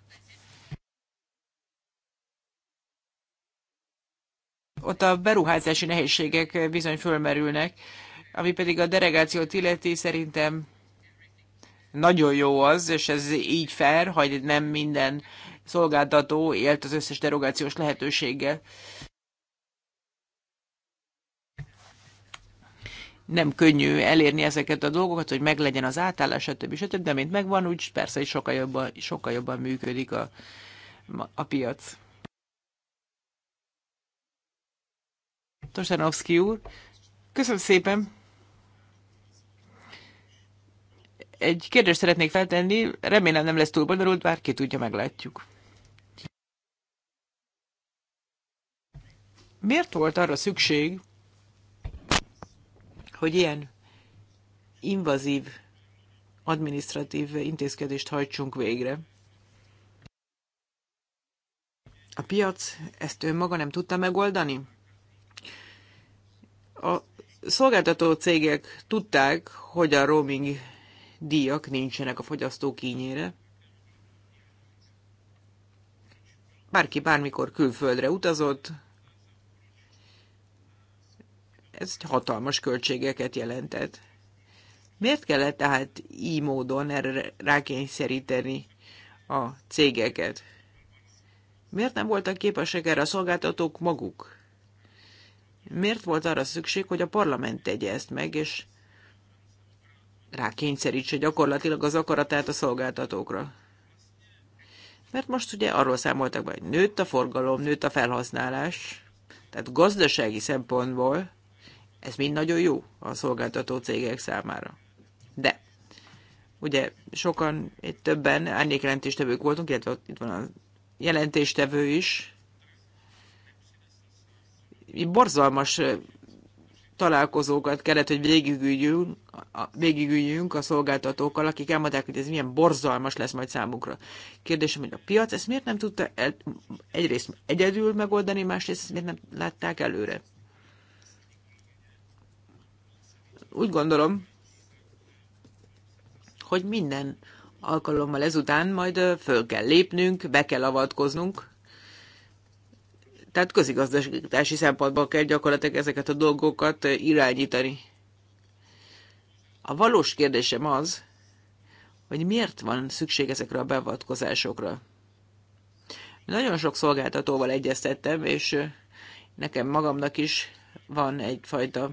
Ott a beruházási nehézségek bizony fölmerülnek, ami pedig a delegációt illeti szerintem nagyon jó az, és ez így fair, hogy nem minden szolgáltató élt az összes derogációs lehetőséggel. nem könnyű elérni ezeket a dolgokat, hogy meglegyen az átállás, stb. stb. De mint megvan, úgy persze, hogy sokkal jobban, sokkal jobban működik a, a piac. Tosanovszki úr, köszönöm szépen! Egy kérdést szeretnék feltenni, remélem nem lesz túl bonyolult, bár ki tudja, meglátjuk. Miért volt arra szükség, hogy ilyen invazív administratív intézkedést hajtsunk végre. A piac ezt ő maga nem tudta megoldani? A szolgáltató cégek tudták, hogy a roaming díjak nincsenek a fogyasztó kínjére. Bárki bármikor külföldre utazott, ez hatalmas költségeket jelentett. Miért kellett tehát így módon erre rákényszeríteni a cégeket? Miért nem voltak képesek erre a szolgáltatók maguk? Miért volt arra szükség, hogy a parlament tegye ezt meg, és rákényszerítse gyakorlatilag az akaratát a szolgáltatókra? Mert most ugye arról számoltak be, hogy nőtt a forgalom, nőtt a felhasználás, tehát gazdasági szempontból ez mind nagyon jó a szolgáltató cégek számára. De ugye sokan, itt többen jelentéstevők voltunk, illetve itt van a jelentéstevő is. Borzalmas találkozókat kellett, hogy végigüljünk, végigüljünk a szolgáltatókkal, akik elmondták, hogy ez milyen borzalmas lesz majd számukra. Kérdésem, hogy a piac ezt miért nem tudta el, egyrészt egyedül megoldani, másrészt miért nem látták előre? Úgy gondolom, hogy minden alkalommal ezután majd föl kell lépnünk, be kell avatkoznunk, tehát közigazgatási szempontból kell gyakorlatilag ezeket a dolgokat irányítani. A valós kérdésem az, hogy miért van szükség ezekre a beavatkozásokra. Nagyon sok szolgáltatóval egyeztettem, és nekem magamnak is van egyfajta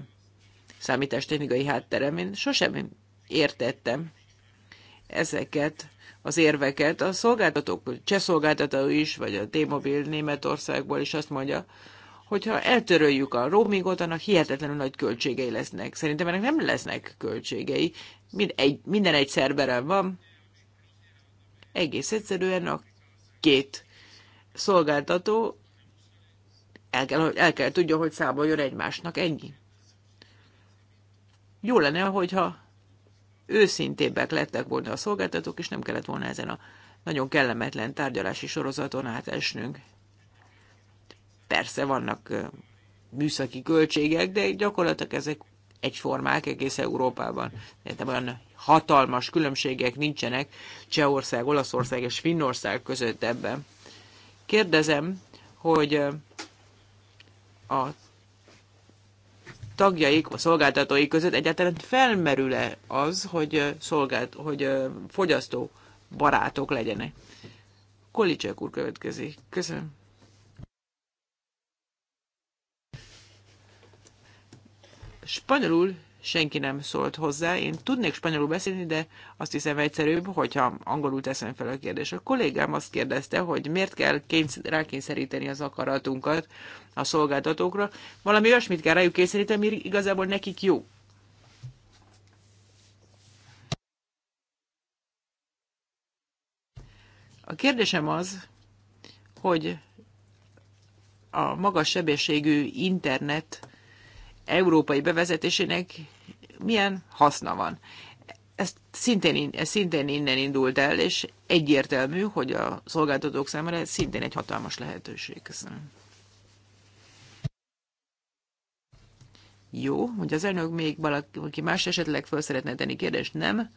számítástechnikai hátterem. Én sosem értettem ezeket az érveket. A szolgáltatók, cseh szolgáltató is, vagy a T-Mobile Németországból is azt mondja, hogyha eltöröljük a roamingot, annak hihetetlenül nagy költségei lesznek. Szerintem ennek nem lesznek költségei. Mind egy, minden egy szerveren van. Egész egyszerűen a két szolgáltató el kell, el kell tudja, hogy számoljon egymásnak. Ennyi. Jó lenne, hogyha őszintébbek lettek volna a szolgáltatók, és nem kellett volna ezen a nagyon kellemetlen tárgyalási sorozaton átesnünk. Persze vannak műszaki költségek, de gyakorlatilag ezek egyformák egész Európában. De olyan hatalmas különbségek nincsenek Csehország, Olaszország és Finnország között ebben. Kérdezem, hogy a tagjaik, vagy szolgáltatóik között egyáltalán felmerül-e az, hogy, szolgált, hogy fogyasztó barátok legyenek. Kolicsák úr következik. Köszönöm. Spanyolul senki nem szólt hozzá. Én tudnék spanyolul beszélni, de azt hiszem egyszerűbb, hogyha angolul teszem fel a kérdést. A kollégám azt kérdezte, hogy miért kell rákényszeríteni az akaratunkat a szolgáltatókra. Valami olyasmit kell rájuk kényszeríteni, ami igazából nekik jó. A kérdésem az, hogy a magas sebességű internet európai bevezetésének milyen haszna van. Ez szintén, ez szintén innen indult el, és egyértelmű, hogy a szolgáltatók számára ez szintén egy hatalmas lehetőség. Köszönöm. Jó, hogy az elnök még valaki más esetleg fel szeretne tenni kérdést, nem?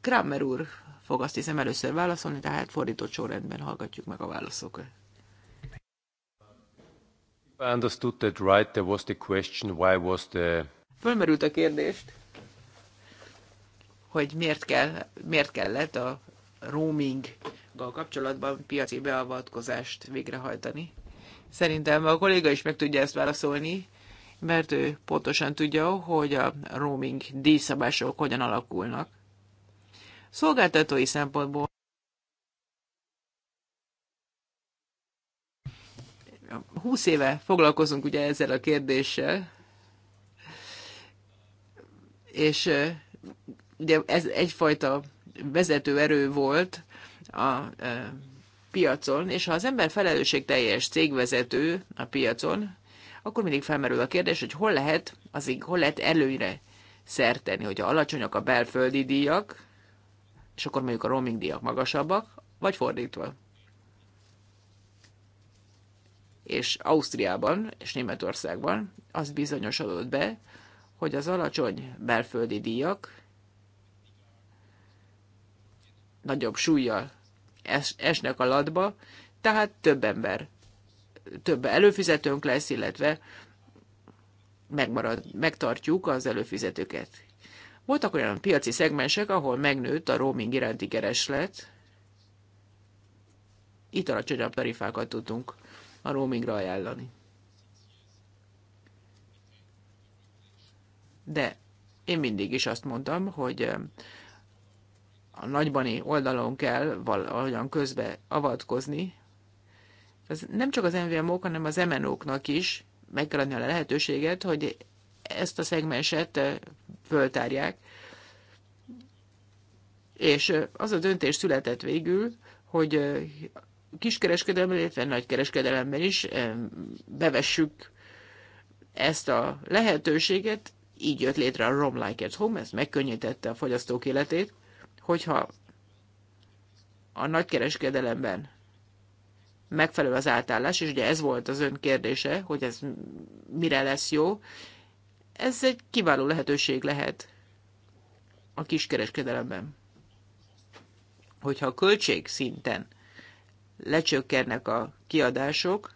Kramer úr fog azt hiszem először válaszolni, tehát fordított sorrendben hallgatjuk meg a válaszokat. I understood that right, there was the question, why was the... Fölmerült a kérdést, hogy miért, kell, miért kellett a roaminggal kapcsolatban piaci beavatkozást végrehajtani. Szerintem a kolléga is meg tudja ezt válaszolni, mert ő pontosan tudja, hogy a roaming díjszabások hogyan alakulnak. Szolgáltatói szempontból 20 éve foglalkozunk ugye ezzel a kérdéssel, és ugye ez egyfajta vezető erő volt a piacon, és ha az ember felelősségteljes cégvezető a piacon, akkor mindig felmerül a kérdés, hogy hol lehet, az, hol lehet előnyre szerteni, hogyha alacsonyak a belföldi díjak, és akkor mondjuk a roaming díjak magasabbak, vagy fordítva és Ausztriában és Németországban az bizonyosodott be, hogy az alacsony belföldi díjak nagyobb súlyjal es, esnek a latba, tehát több ember, több előfizetőnk lesz, illetve megmarad, megtartjuk az előfizetőket. Voltak olyan piaci szegmensek, ahol megnőtt a roaming iránti kereslet, itt alacsonyabb tarifákat tudtunk a roamingra ajánlani. De én mindig is azt mondtam, hogy eh, a nagybani oldalon kell valahogyan közbe avatkozni. Ez nem csak az MVM-ok, hanem az MNO-knak is meg kell adni a lehetőséget, hogy ezt a szegmenset eh, föltárják. És eh, az a döntés született végül, hogy kiskereskedelemben, illetve nagykereskedelemben is bevessük ezt a lehetőséget, így jött létre a Rom Like at Home, ez megkönnyítette a fogyasztók életét, hogyha a nagykereskedelemben megfelelő az átállás, és ugye ez volt az ön kérdése, hogy ez mire lesz jó, ez egy kiváló lehetőség lehet a kiskereskedelemben. Hogyha a költség szinten lecsökkennek a kiadások,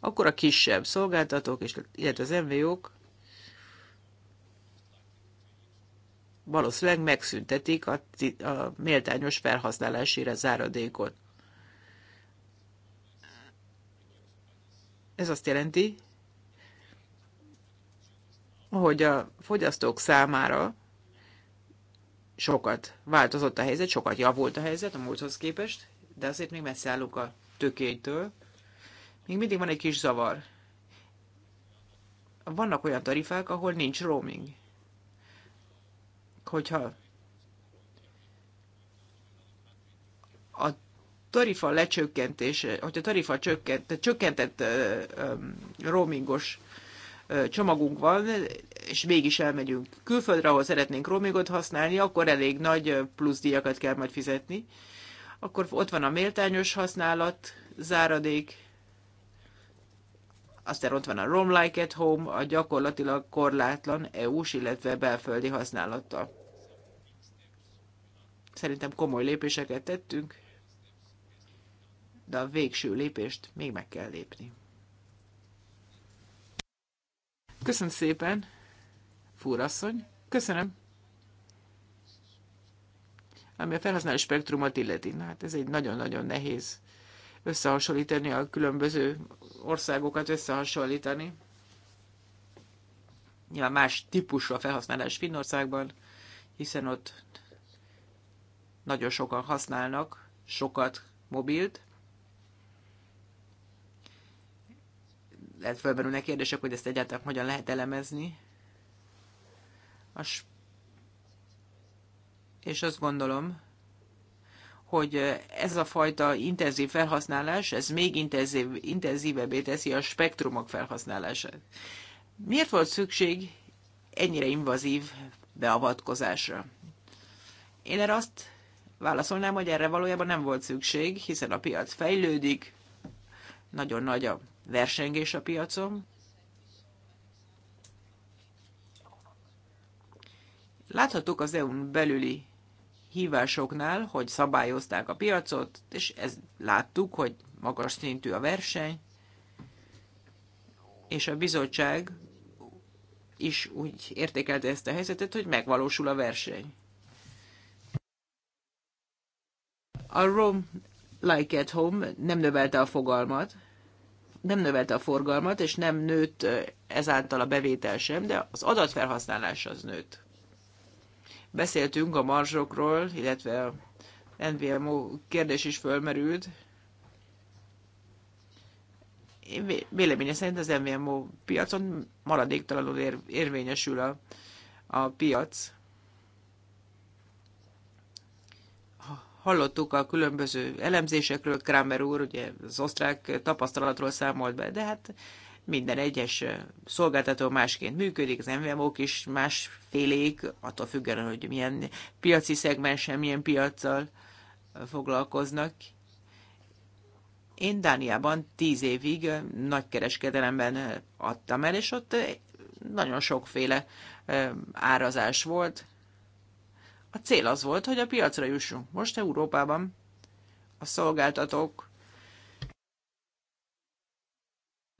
akkor a kisebb szolgáltatók, és, illetve az MVO-k valószínűleg megszüntetik a, a méltányos felhasználásére záradékot. Ez azt jelenti, hogy a fogyasztók számára sokat változott a helyzet, sokat javult a helyzet a múlthoz képest, de azért még messze állok a tökélytől. Még mindig van egy kis zavar. Vannak olyan tarifák, ahol nincs roaming. Hogyha a tarifa lecsökkentése, hogyha tarifa csökkent, csökkentett roamingos csomagunk van, és mégis elmegyünk külföldre, ahol szeretnénk roamingot használni, akkor elég nagy plusz díjakat kell majd fizetni. Akkor ott van a méltányos használat, záradék, aztán ott van a Rome Like at Home, a gyakorlatilag korlátlan EU-s, illetve belföldi használata. Szerintem komoly lépéseket tettünk, de a végső lépést még meg kell lépni. Köszönöm szépen, fúrasszony. Köszönöm ami a felhasználó spektrumot illeti. Na, hát ez egy nagyon-nagyon nehéz összehasonlítani a különböző országokat, összehasonlítani. Nyilván más típusú a felhasználás Finnországban, hiszen ott nagyon sokan használnak, sokat mobilt. Lehet felmerülnek kérdések, hogy ezt egyáltalán hogyan lehet elemezni. A és azt gondolom, hogy ez a fajta intenzív felhasználás, ez még intenzív, intenzívebbé teszi a spektrumok felhasználását. Miért volt szükség ennyire invazív beavatkozásra? Én erre azt válaszolnám, hogy erre valójában nem volt szükség, hiszen a piac fejlődik, nagyon nagy a versengés a piacon. Láthattuk az EU-n belüli hívásoknál, hogy szabályozták a piacot, és ez láttuk, hogy magas szintű a verseny, és a bizottság is úgy értékelte ezt a helyzetet, hogy megvalósul a verseny. A Rome Like at Home nem növelte a fogalmat, nem növelte a forgalmat, és nem nőtt eh, ezáltal a bevétel sem, de az adatfelhasználás az nőtt. Beszéltünk a marzsokról, illetve a NVMO kérdés is fölmerült. Én véleménye szerint az NVMO piacon maradéktalanul ér, érvényesül a, a piac. Hallottuk a különböző elemzésekről, Kramer úr ugye az osztrák tapasztalatról számolt be, de hát minden egyes szolgáltató másként működik, az MVMO-k is másfélék, attól függően, hogy milyen piaci szegmensen, milyen piaccal foglalkoznak. Én Dániában tíz évig nagy kereskedelemben adtam el, és ott nagyon sokféle árazás volt. A cél az volt, hogy a piacra jussunk. Most Európában a szolgáltatók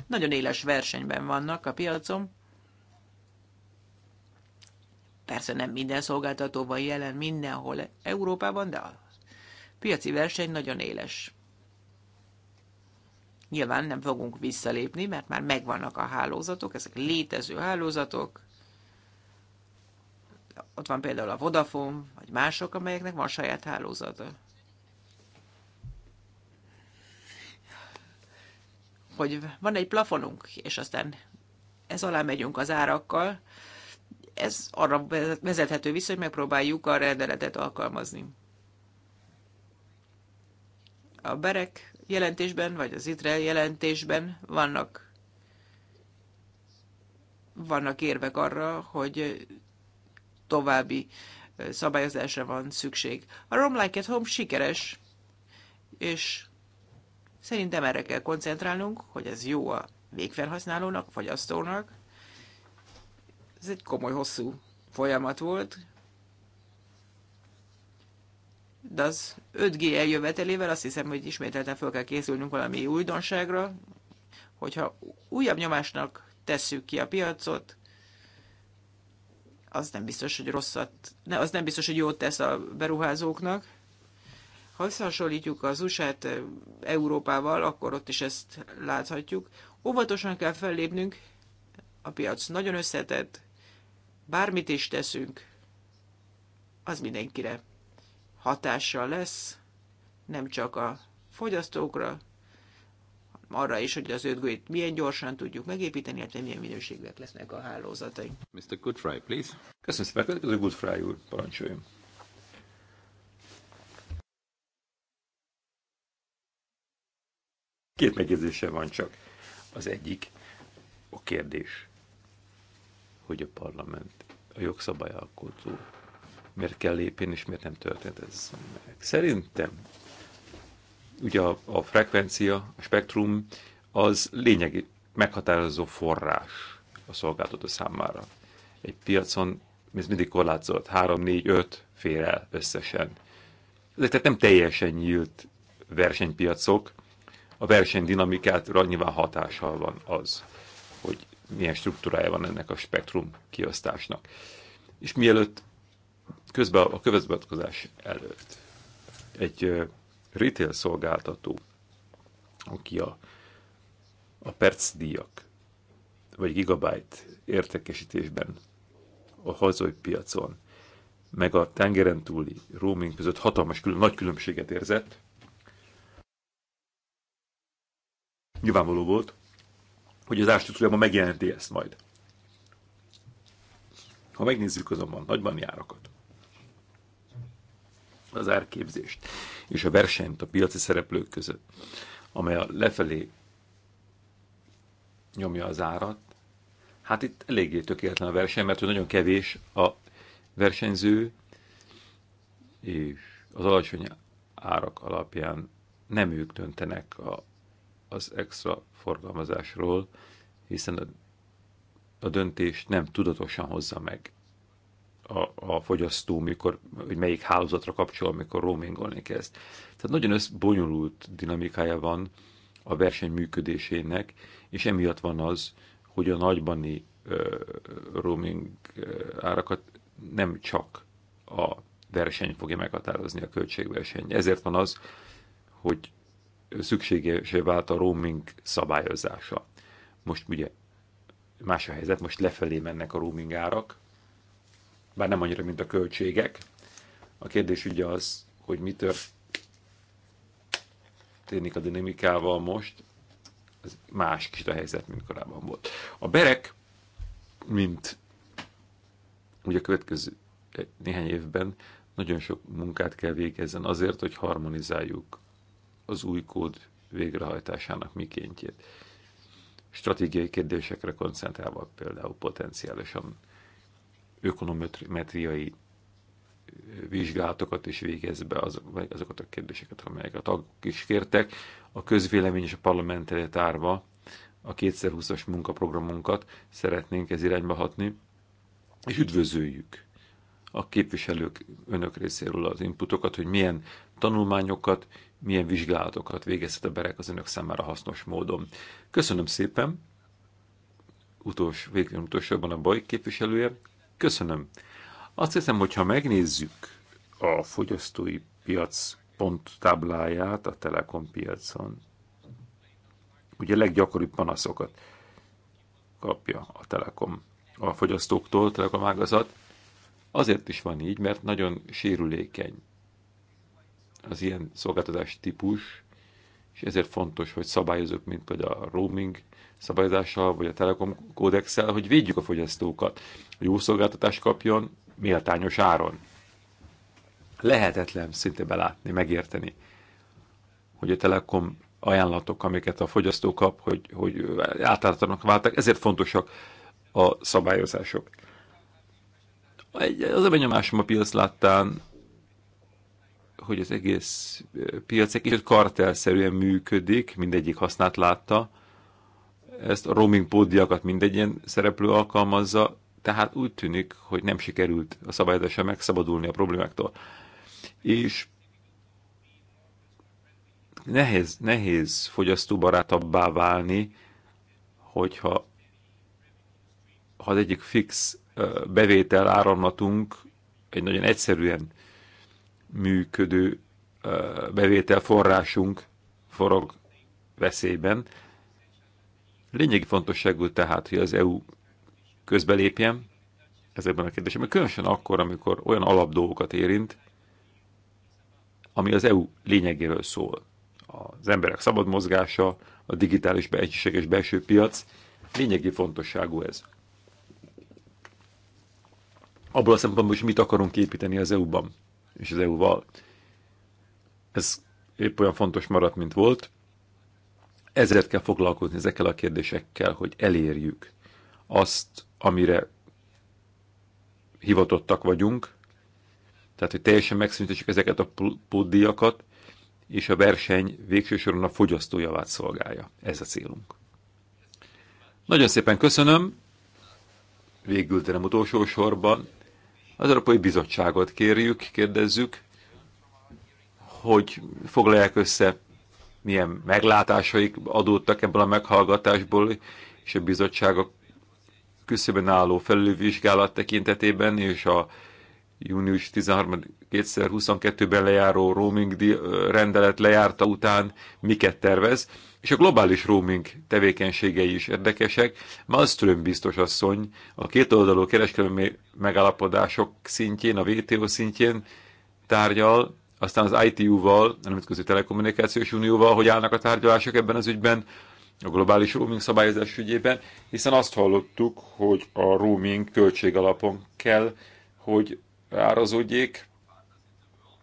Nagyon éles versenyben vannak a piacon. Persze nem minden szolgáltató van jelen mindenhol Európában, de a piaci verseny nagyon éles. Nyilván nem fogunk visszalépni, mert már megvannak a hálózatok, ezek létező hálózatok. Ott van például a Vodafone, vagy mások, amelyeknek van saját hálózata. hogy van egy plafonunk, és aztán ez alá megyünk az árakkal, ez arra vezethető vissza, hogy megpróbáljuk a rendeletet alkalmazni. A berek jelentésben, vagy az ITRE jelentésben vannak, vannak érvek arra, hogy további szabályozásra van szükség. A Rome Like at Home sikeres, és Szerintem erre kell koncentrálnunk, hogy ez jó a végfelhasználónak, fogyasztónak. Ez egy komoly, hosszú folyamat volt, de az 5G eljövetelével azt hiszem, hogy ismételten fel kell készülnünk valami újdonságra, hogyha újabb nyomásnak tesszük ki a piacot, az nem biztos, hogy rosszat, ne, az nem biztos, hogy jót tesz a beruházóknak. Ha összehasonlítjuk az usa eh, Európával, akkor ott is ezt láthatjuk. Óvatosan kell fellépnünk, a piac nagyon összetett, bármit is teszünk, az mindenkire hatással lesz, nem csak a fogyasztókra, arra is, hogy az 5 milyen gyorsan tudjuk megépíteni, illetve hát milyen minőségűek lesznek a hálózataink. Mr. Goodfry, please. Köszönöm szépen, következő Goodfry úr, parancsoljon. Két megjegyzése van csak. Az egyik a kérdés, hogy a parlament, a jogszabályalkotó miért kell lépni, és miért nem történt ez meg. Szerintem ugye a, a frekvencia, a spektrum az lényegi meghatározó forrás a szolgáltató számára. Egy piacon ez mindig korlátozott, 3, 4, 5 fér el összesen. Ezek tehát nem teljesen nyílt versenypiacok, a verseny versenydinamikára nyilván hatással van az, hogy milyen struktúrája van ennek a spektrum kiosztásnak. És mielőtt, közben a következőatkozás előtt egy retail szolgáltató, aki a, a perc díjak, vagy gigabyte értékesítésben a hazai piacon, meg a tengeren túli roaming között hatalmas külön, nagy különbséget érzett, nyilvánvaló volt, hogy az ástruktúrában megjelenti ezt majd. Ha megnézzük azonban nagyban járakat, az árképzést és a versenyt a piaci szereplők között, amely a lefelé nyomja az árat, hát itt eléggé tökéletlen a verseny, mert hogy nagyon kevés a versenyző, és az alacsony árak alapján nem ők döntenek a az extra forgalmazásról, hiszen a, a döntést nem tudatosan hozza meg a, a fogyasztó, mikor, hogy melyik hálózatra kapcsol, amikor roamingolni kezd. Tehát nagyon összbonyolult dinamikája van a verseny működésének, és emiatt van az, hogy a nagybani uh, roaming árakat nem csak a verseny fogja meghatározni a költségverseny. Ezért van az, hogy szükségesé vált a roaming szabályozása. Most ugye más a helyzet, most lefelé mennek a roaming árak, bár nem annyira, mint a költségek. A kérdés ugye az, hogy mi történik a dinamikával most, ez más kicsit a helyzet, mint korábban volt. A berek, mint ugye a következő néhány évben nagyon sok munkát kell végezzen azért, hogy harmonizáljuk az új kód végrehajtásának mikéntjét. Stratégiai kérdésekre koncentrálva például potenciálisan ökonometriai vizsgálatokat is végez be az, azokat a kérdéseket, amelyek a tagok is kértek. A közvélemény és a parlamentre tárva a 2020-as munkaprogramunkat szeretnénk ez irányba hatni, és üdvözöljük a képviselők önök részéről az inputokat, hogy milyen tanulmányokat, milyen vizsgálatokat végezhet a berek az önök számára hasznos módon. Köszönöm szépen, utolsó, végül utolsóban a baj képviselője. Köszönöm. Azt hiszem, hogyha ha megnézzük a fogyasztói piac pont tábláját a Telekom piacon, ugye leggyakoribb panaszokat kapja a Telekom a fogyasztóktól, ágazat, Azért is van így, mert nagyon sérülékeny az ilyen szolgáltatás típus, és ezért fontos, hogy szabályozók, mint például a roaming szabályozással, vagy a telekom kódexsel, hogy védjük a fogyasztókat, hogy jó szolgáltatást kapjon méltányos áron. Lehetetlen szinte belátni, megérteni, hogy a telekom ajánlatok, amiket a fogyasztó kap, hogy, hogy általában váltak, ezért fontosak a szabályozások. Az a benyomásom a piac láttán, hogy az egész piac egy kicsit kartelszerűen működik, mindegyik hasznát látta. Ezt a roaming pódiakat ilyen szereplő alkalmazza, tehát úgy tűnik, hogy nem sikerült a szabályozásra megszabadulni a problémáktól. És nehéz, nehéz fogyasztóbarátabbá válni, hogyha ha az egyik fix bevétel áramlatunk egy nagyon egyszerűen működő bevétel forrásunk forog veszélyben. Lényegi fontosságú tehát, hogy az EU közbelépjen ezekben a kérdésekben, különösen akkor, amikor olyan alapdolgokat érint, ami az EU lényegéről szól. Az emberek szabad mozgása, a digitális egységes belső piac, lényegi fontosságú ez abból a szempontból, hogy mit akarunk építeni az EU-ban és az EU-val. Ez épp olyan fontos maradt, mint volt. Ezért kell foglalkozni ezekkel a kérdésekkel, hogy elérjük azt, amire hivatottak vagyunk, tehát, hogy teljesen megszüntessük ezeket a pótdíjakat, és a verseny végső soron a fogyasztó szolgálja. Ez a célunk. Nagyon szépen köszönöm. Végül, de nem utolsó sorban, az Európai Bizottságot kérjük, kérdezzük, hogy foglalják össze, milyen meglátásaik adódtak ebből a meghallgatásból, és a bizottság a küszöbön álló felülvizsgálat tekintetében, és a június 13 2022-ben lejáró roaming rendelet lejárta után miket tervez, és a globális roaming tevékenységei is érdekesek. Malmström biztos asszony a két oldalú kereskedelmi megállapodások szintjén, a WTO szintjén tárgyal, aztán az ITU-val, a Nemzetközi Telekommunikációs Unióval, hogy állnak a tárgyalások ebben az ügyben, a globális roaming szabályozás ügyében, hiszen azt hallottuk, hogy a roaming alapon kell, hogy árazódjék,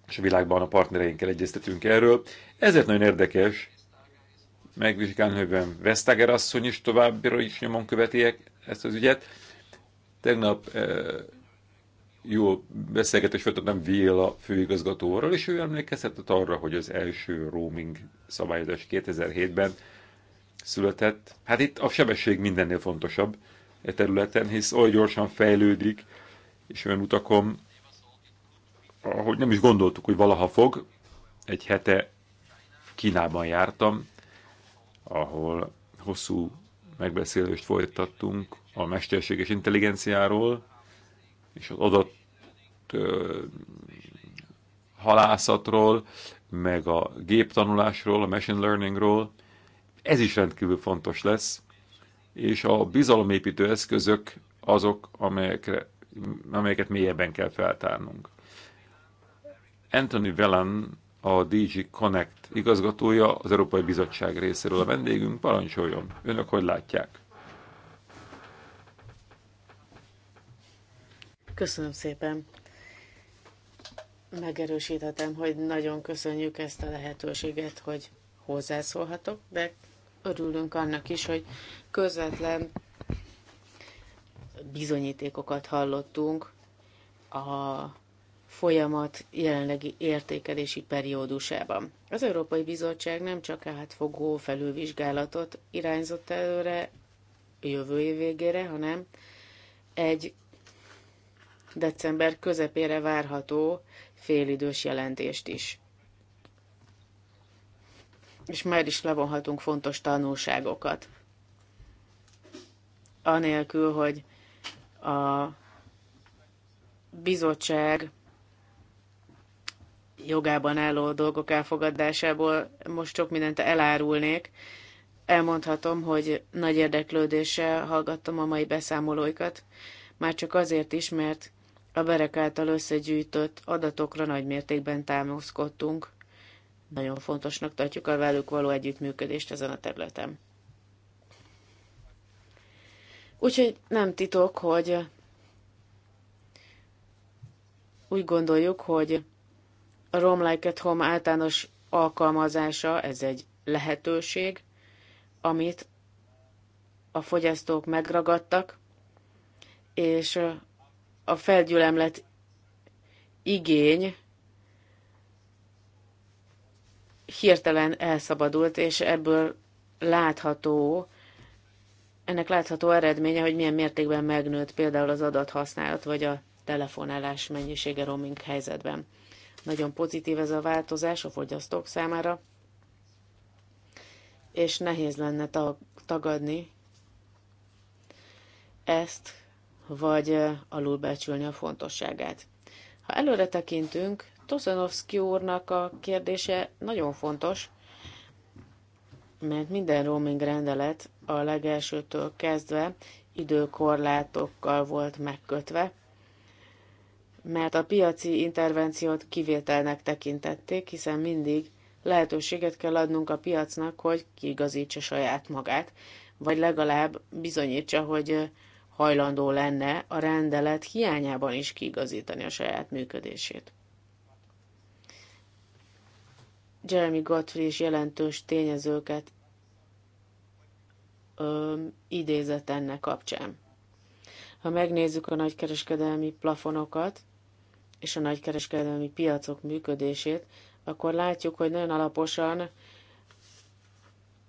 és a világban a partnereinkkel egyeztetünk erről. Ezért nagyon érdekes, megvizsgálni, hogy Vesztager asszony is továbbra is nyomon követiek ezt az ügyet. Tegnap e, jó volt folytattam Véla főigazgatóról és ő emlékezhetett arra, hogy az első roaming szabályozás 2007-ben született. Hát itt a sebesség mindennél fontosabb e területen, hisz oly gyorsan fejlődik, és olyan utakon, ahogy nem is gondoltuk, hogy valaha fog. Egy hete Kínában jártam, ahol hosszú megbeszélést folytattunk a mesterséges intelligenciáról, és az adott ö, halászatról, meg a géptanulásról, a machine learningról. Ez is rendkívül fontos lesz, és a bizalomépítő eszközök azok, amelyekre, amelyeket mélyebben kell feltárnunk. Anthony Velen a DG Connect igazgatója az Európai Bizottság részéről a vendégünk. Parancsoljon! Önök hogy látják? Köszönöm szépen! Megerősíthetem, hogy nagyon köszönjük ezt a lehetőséget, hogy hozzászólhatok, de örülünk annak is, hogy közvetlen bizonyítékokat hallottunk a folyamat jelenlegi értékelési periódusában. Az Európai Bizottság nem csak átfogó felülvizsgálatot irányzott előre jövő év végére, hanem egy december közepére várható félidős jelentést is. És már is levonhatunk fontos tanulságokat. Anélkül, hogy a bizottság jogában álló dolgok elfogadásából most sok mindent elárulnék. Elmondhatom, hogy nagy érdeklődéssel hallgattam a mai beszámolóikat, már csak azért is, mert a berek által összegyűjtött adatokra nagy mértékben támaszkodtunk. Nagyon fontosnak tartjuk a velük való együttműködést ezen a területen. Úgyhogy nem titok, hogy úgy gondoljuk, hogy a Rom Like at Home általános alkalmazása, ez egy lehetőség, amit a fogyasztók megragadtak, és a felgyülemlet igény hirtelen elszabadult, és ebből látható, ennek látható eredménye, hogy milyen mértékben megnőtt például az adathasználat, vagy a telefonálás mennyisége roaming helyzetben. Nagyon pozitív ez a változás a fogyasztók számára, és nehéz lenne tagadni ezt, vagy alulbecsülni a fontosságát. Ha előre tekintünk, Toszanovszki úrnak a kérdése nagyon fontos, mert minden roaming rendelet a legelsőtől kezdve időkorlátokkal volt megkötve, mert a piaci intervenciót kivételnek tekintették, hiszen mindig lehetőséget kell adnunk a piacnak, hogy kiigazítsa saját magát, vagy legalább bizonyítsa, hogy hajlandó lenne a rendelet hiányában is kiigazítani a saját működését. Jeremy Godfrey is jelentős tényezőket ö, idézett ennek kapcsán. Ha megnézzük a nagykereskedelmi plafonokat, és a nagykereskedelmi piacok működését, akkor látjuk, hogy nagyon alaposan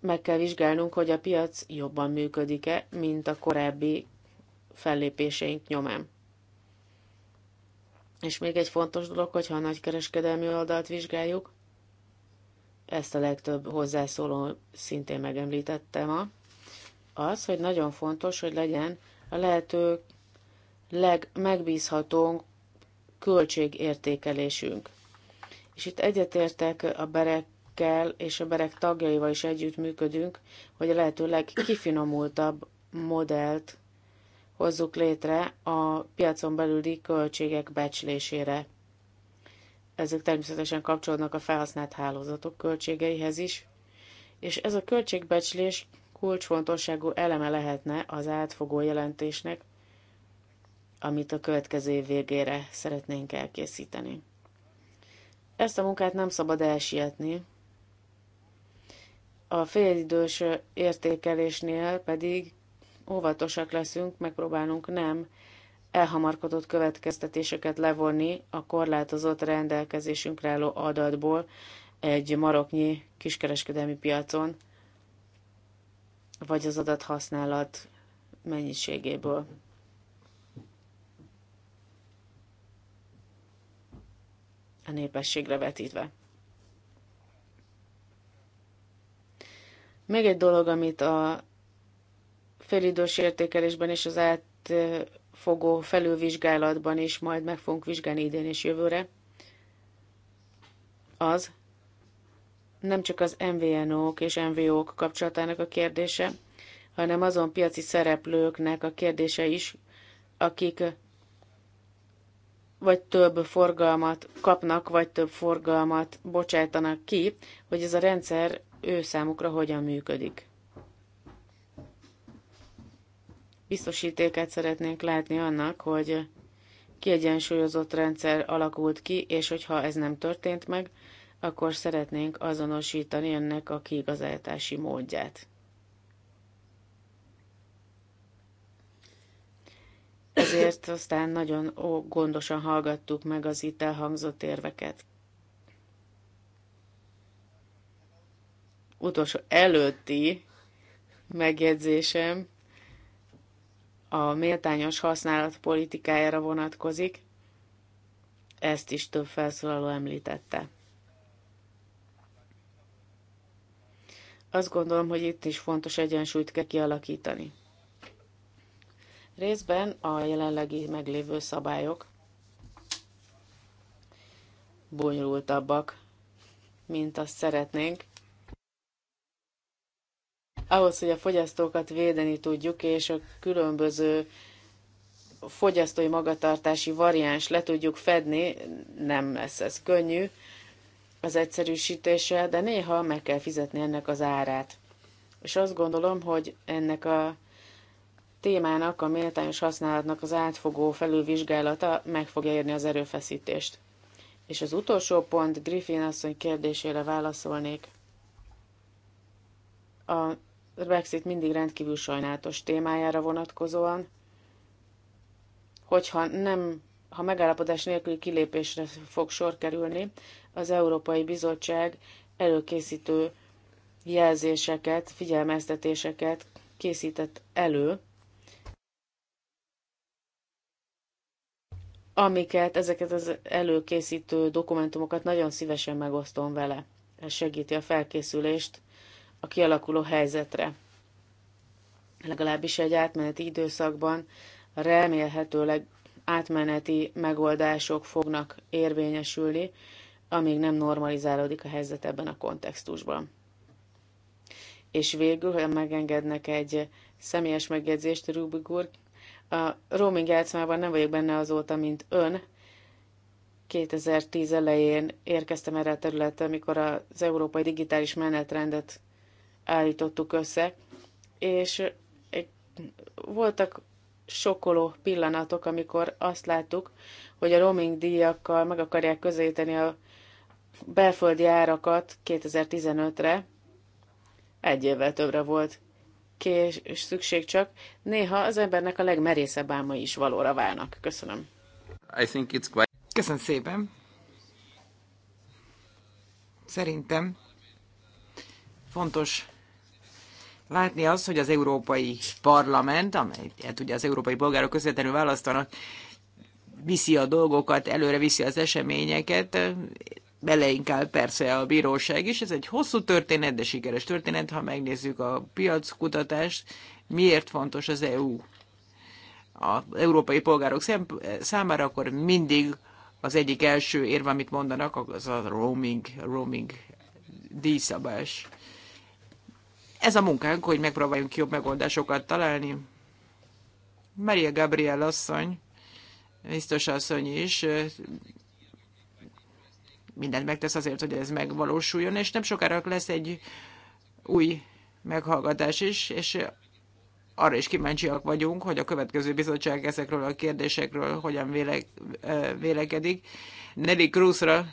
meg kell vizsgálnunk, hogy a piac jobban működik-e, mint a korábbi fellépéseink nyomán. És még egy fontos dolog, hogyha a nagykereskedelmi oldalt vizsgáljuk, ezt a legtöbb hozzászóló szintén megemlítette ma, az, hogy nagyon fontos, hogy legyen a lehető legmegbízhatóbb költségértékelésünk. És itt egyetértek a berekkel és a berek tagjaival is együttműködünk, hogy a lehető legkifinomultabb modellt hozzuk létre a piacon belüli költségek becslésére. Ezek természetesen kapcsolódnak a felhasznált hálózatok költségeihez is, és ez a költségbecslés kulcsfontosságú eleme lehetne az átfogó jelentésnek, amit a következő év végére szeretnénk elkészíteni. Ezt a munkát nem szabad elsietni. A félidős értékelésnél pedig óvatosak leszünk, megpróbálunk nem elhamarkodott következtetéseket levonni a korlátozott rendelkezésünkre álló adatból egy maroknyi kiskereskedelmi piacon, vagy az adathasználat mennyiségéből. a népességre vetítve. Még egy dolog, amit a félidős értékelésben és az átfogó felülvizsgálatban is majd meg fogunk vizsgálni idén és jövőre, az nem csak az MVNO-k és MVO-k kapcsolatának a kérdése, hanem azon piaci szereplőknek a kérdése is, akik vagy több forgalmat kapnak, vagy több forgalmat bocsátanak ki, hogy ez a rendszer ő számukra hogyan működik. Biztosítéket szeretnénk látni annak, hogy kiegyensúlyozott rendszer alakult ki, és hogyha ez nem történt meg, akkor szeretnénk azonosítani ennek a kiigazáltási módját. Ezért aztán nagyon gondosan hallgattuk meg az itt elhangzott érveket. Utolsó előtti megjegyzésem a méltányos használat politikájára vonatkozik. Ezt is több felszólaló említette. Azt gondolom, hogy itt is fontos egyensúlyt kell kialakítani. Részben a jelenlegi meglévő szabályok bonyolultabbak, mint azt szeretnénk. Ahhoz, hogy a fogyasztókat védeni tudjuk, és a különböző fogyasztói magatartási variáns le tudjuk fedni, nem lesz ez könnyű az egyszerűsítéssel, de néha meg kell fizetni ennek az árát. És azt gondolom, hogy ennek a témának, a méltányos használatnak az átfogó felülvizsgálata meg fogja érni az erőfeszítést. És az utolsó pont, Griffin asszony kérdésére válaszolnék. A Brexit mindig rendkívül sajnálatos témájára vonatkozóan, hogyha nem, ha megállapodás nélküli kilépésre fog sor kerülni, az Európai Bizottság előkészítő jelzéseket, figyelmeztetéseket készített elő amiket, ezeket az előkészítő dokumentumokat nagyon szívesen megosztom vele. Ez segíti a felkészülést a kialakuló helyzetre. Legalábbis egy átmeneti időszakban remélhetőleg átmeneti megoldások fognak érvényesülni, amíg nem normalizálódik a helyzet ebben a kontextusban. És végül, ha megengednek egy személyes megjegyzést, Rubik úr, a roaming játszmában nem vagyok benne azóta, mint ön. 2010 elején érkeztem erre a területre, amikor az európai digitális menetrendet állítottuk össze, és voltak sokkoló pillanatok, amikor azt láttuk, hogy a roaming díjakkal meg akarják közelíteni a belföldi árakat 2015-re, egy évvel többre volt és szükség csak, néha az embernek a legmerészebb álmai is valóra válnak. Köszönöm. I think it's quite... Köszönöm szépen. Szerintem fontos látni az, hogy az Európai Parlament, amelyet hát ugye az európai polgárok közvetlenül választanak, viszi a dolgokat, előre viszi az eseményeket beleinkál persze a bíróság is. Ez egy hosszú történet, de sikeres történet, ha megnézzük a piackutatást, miért fontos az EU az európai polgárok számára, akkor mindig az egyik első érve, amit mondanak, az a roaming, roaming díjszabás. Ez a munkánk, hogy megpróbáljunk jobb megoldásokat találni. Maria Gabriel asszony, biztos asszony is mindent megtesz azért, hogy ez megvalósuljon, és nem sokára lesz egy új meghallgatás is, és arra is kíváncsiak vagyunk, hogy a következő bizottság ezekről a kérdésekről hogyan véle, vélekedik. Nelly Cruzra,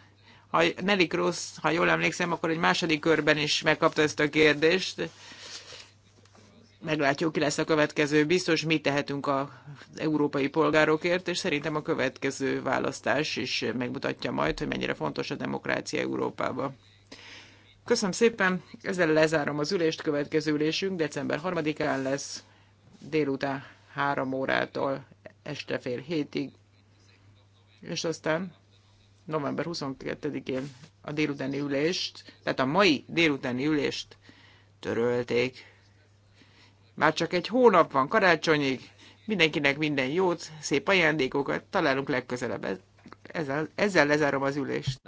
ha, Nelly Cruz, ha jól emlékszem, akkor egy második körben is megkapta ezt a kérdést, meglátjuk, ki lesz a következő biztos, mit tehetünk az európai polgárokért, és szerintem a következő választás is megmutatja majd, hogy mennyire fontos a demokrácia Európában. Köszönöm szépen, ezzel lezárom az ülést, következő ülésünk december 3-án lesz, délután 3 órától este fél hétig, és aztán november 22-én a délutáni ülést, tehát a mai délutáni ülést törölték. Már csak egy hónap van karácsonyig, mindenkinek minden jót, szép ajándékokat, találunk legközelebb. Ezzel, ezzel lezárom az ülést.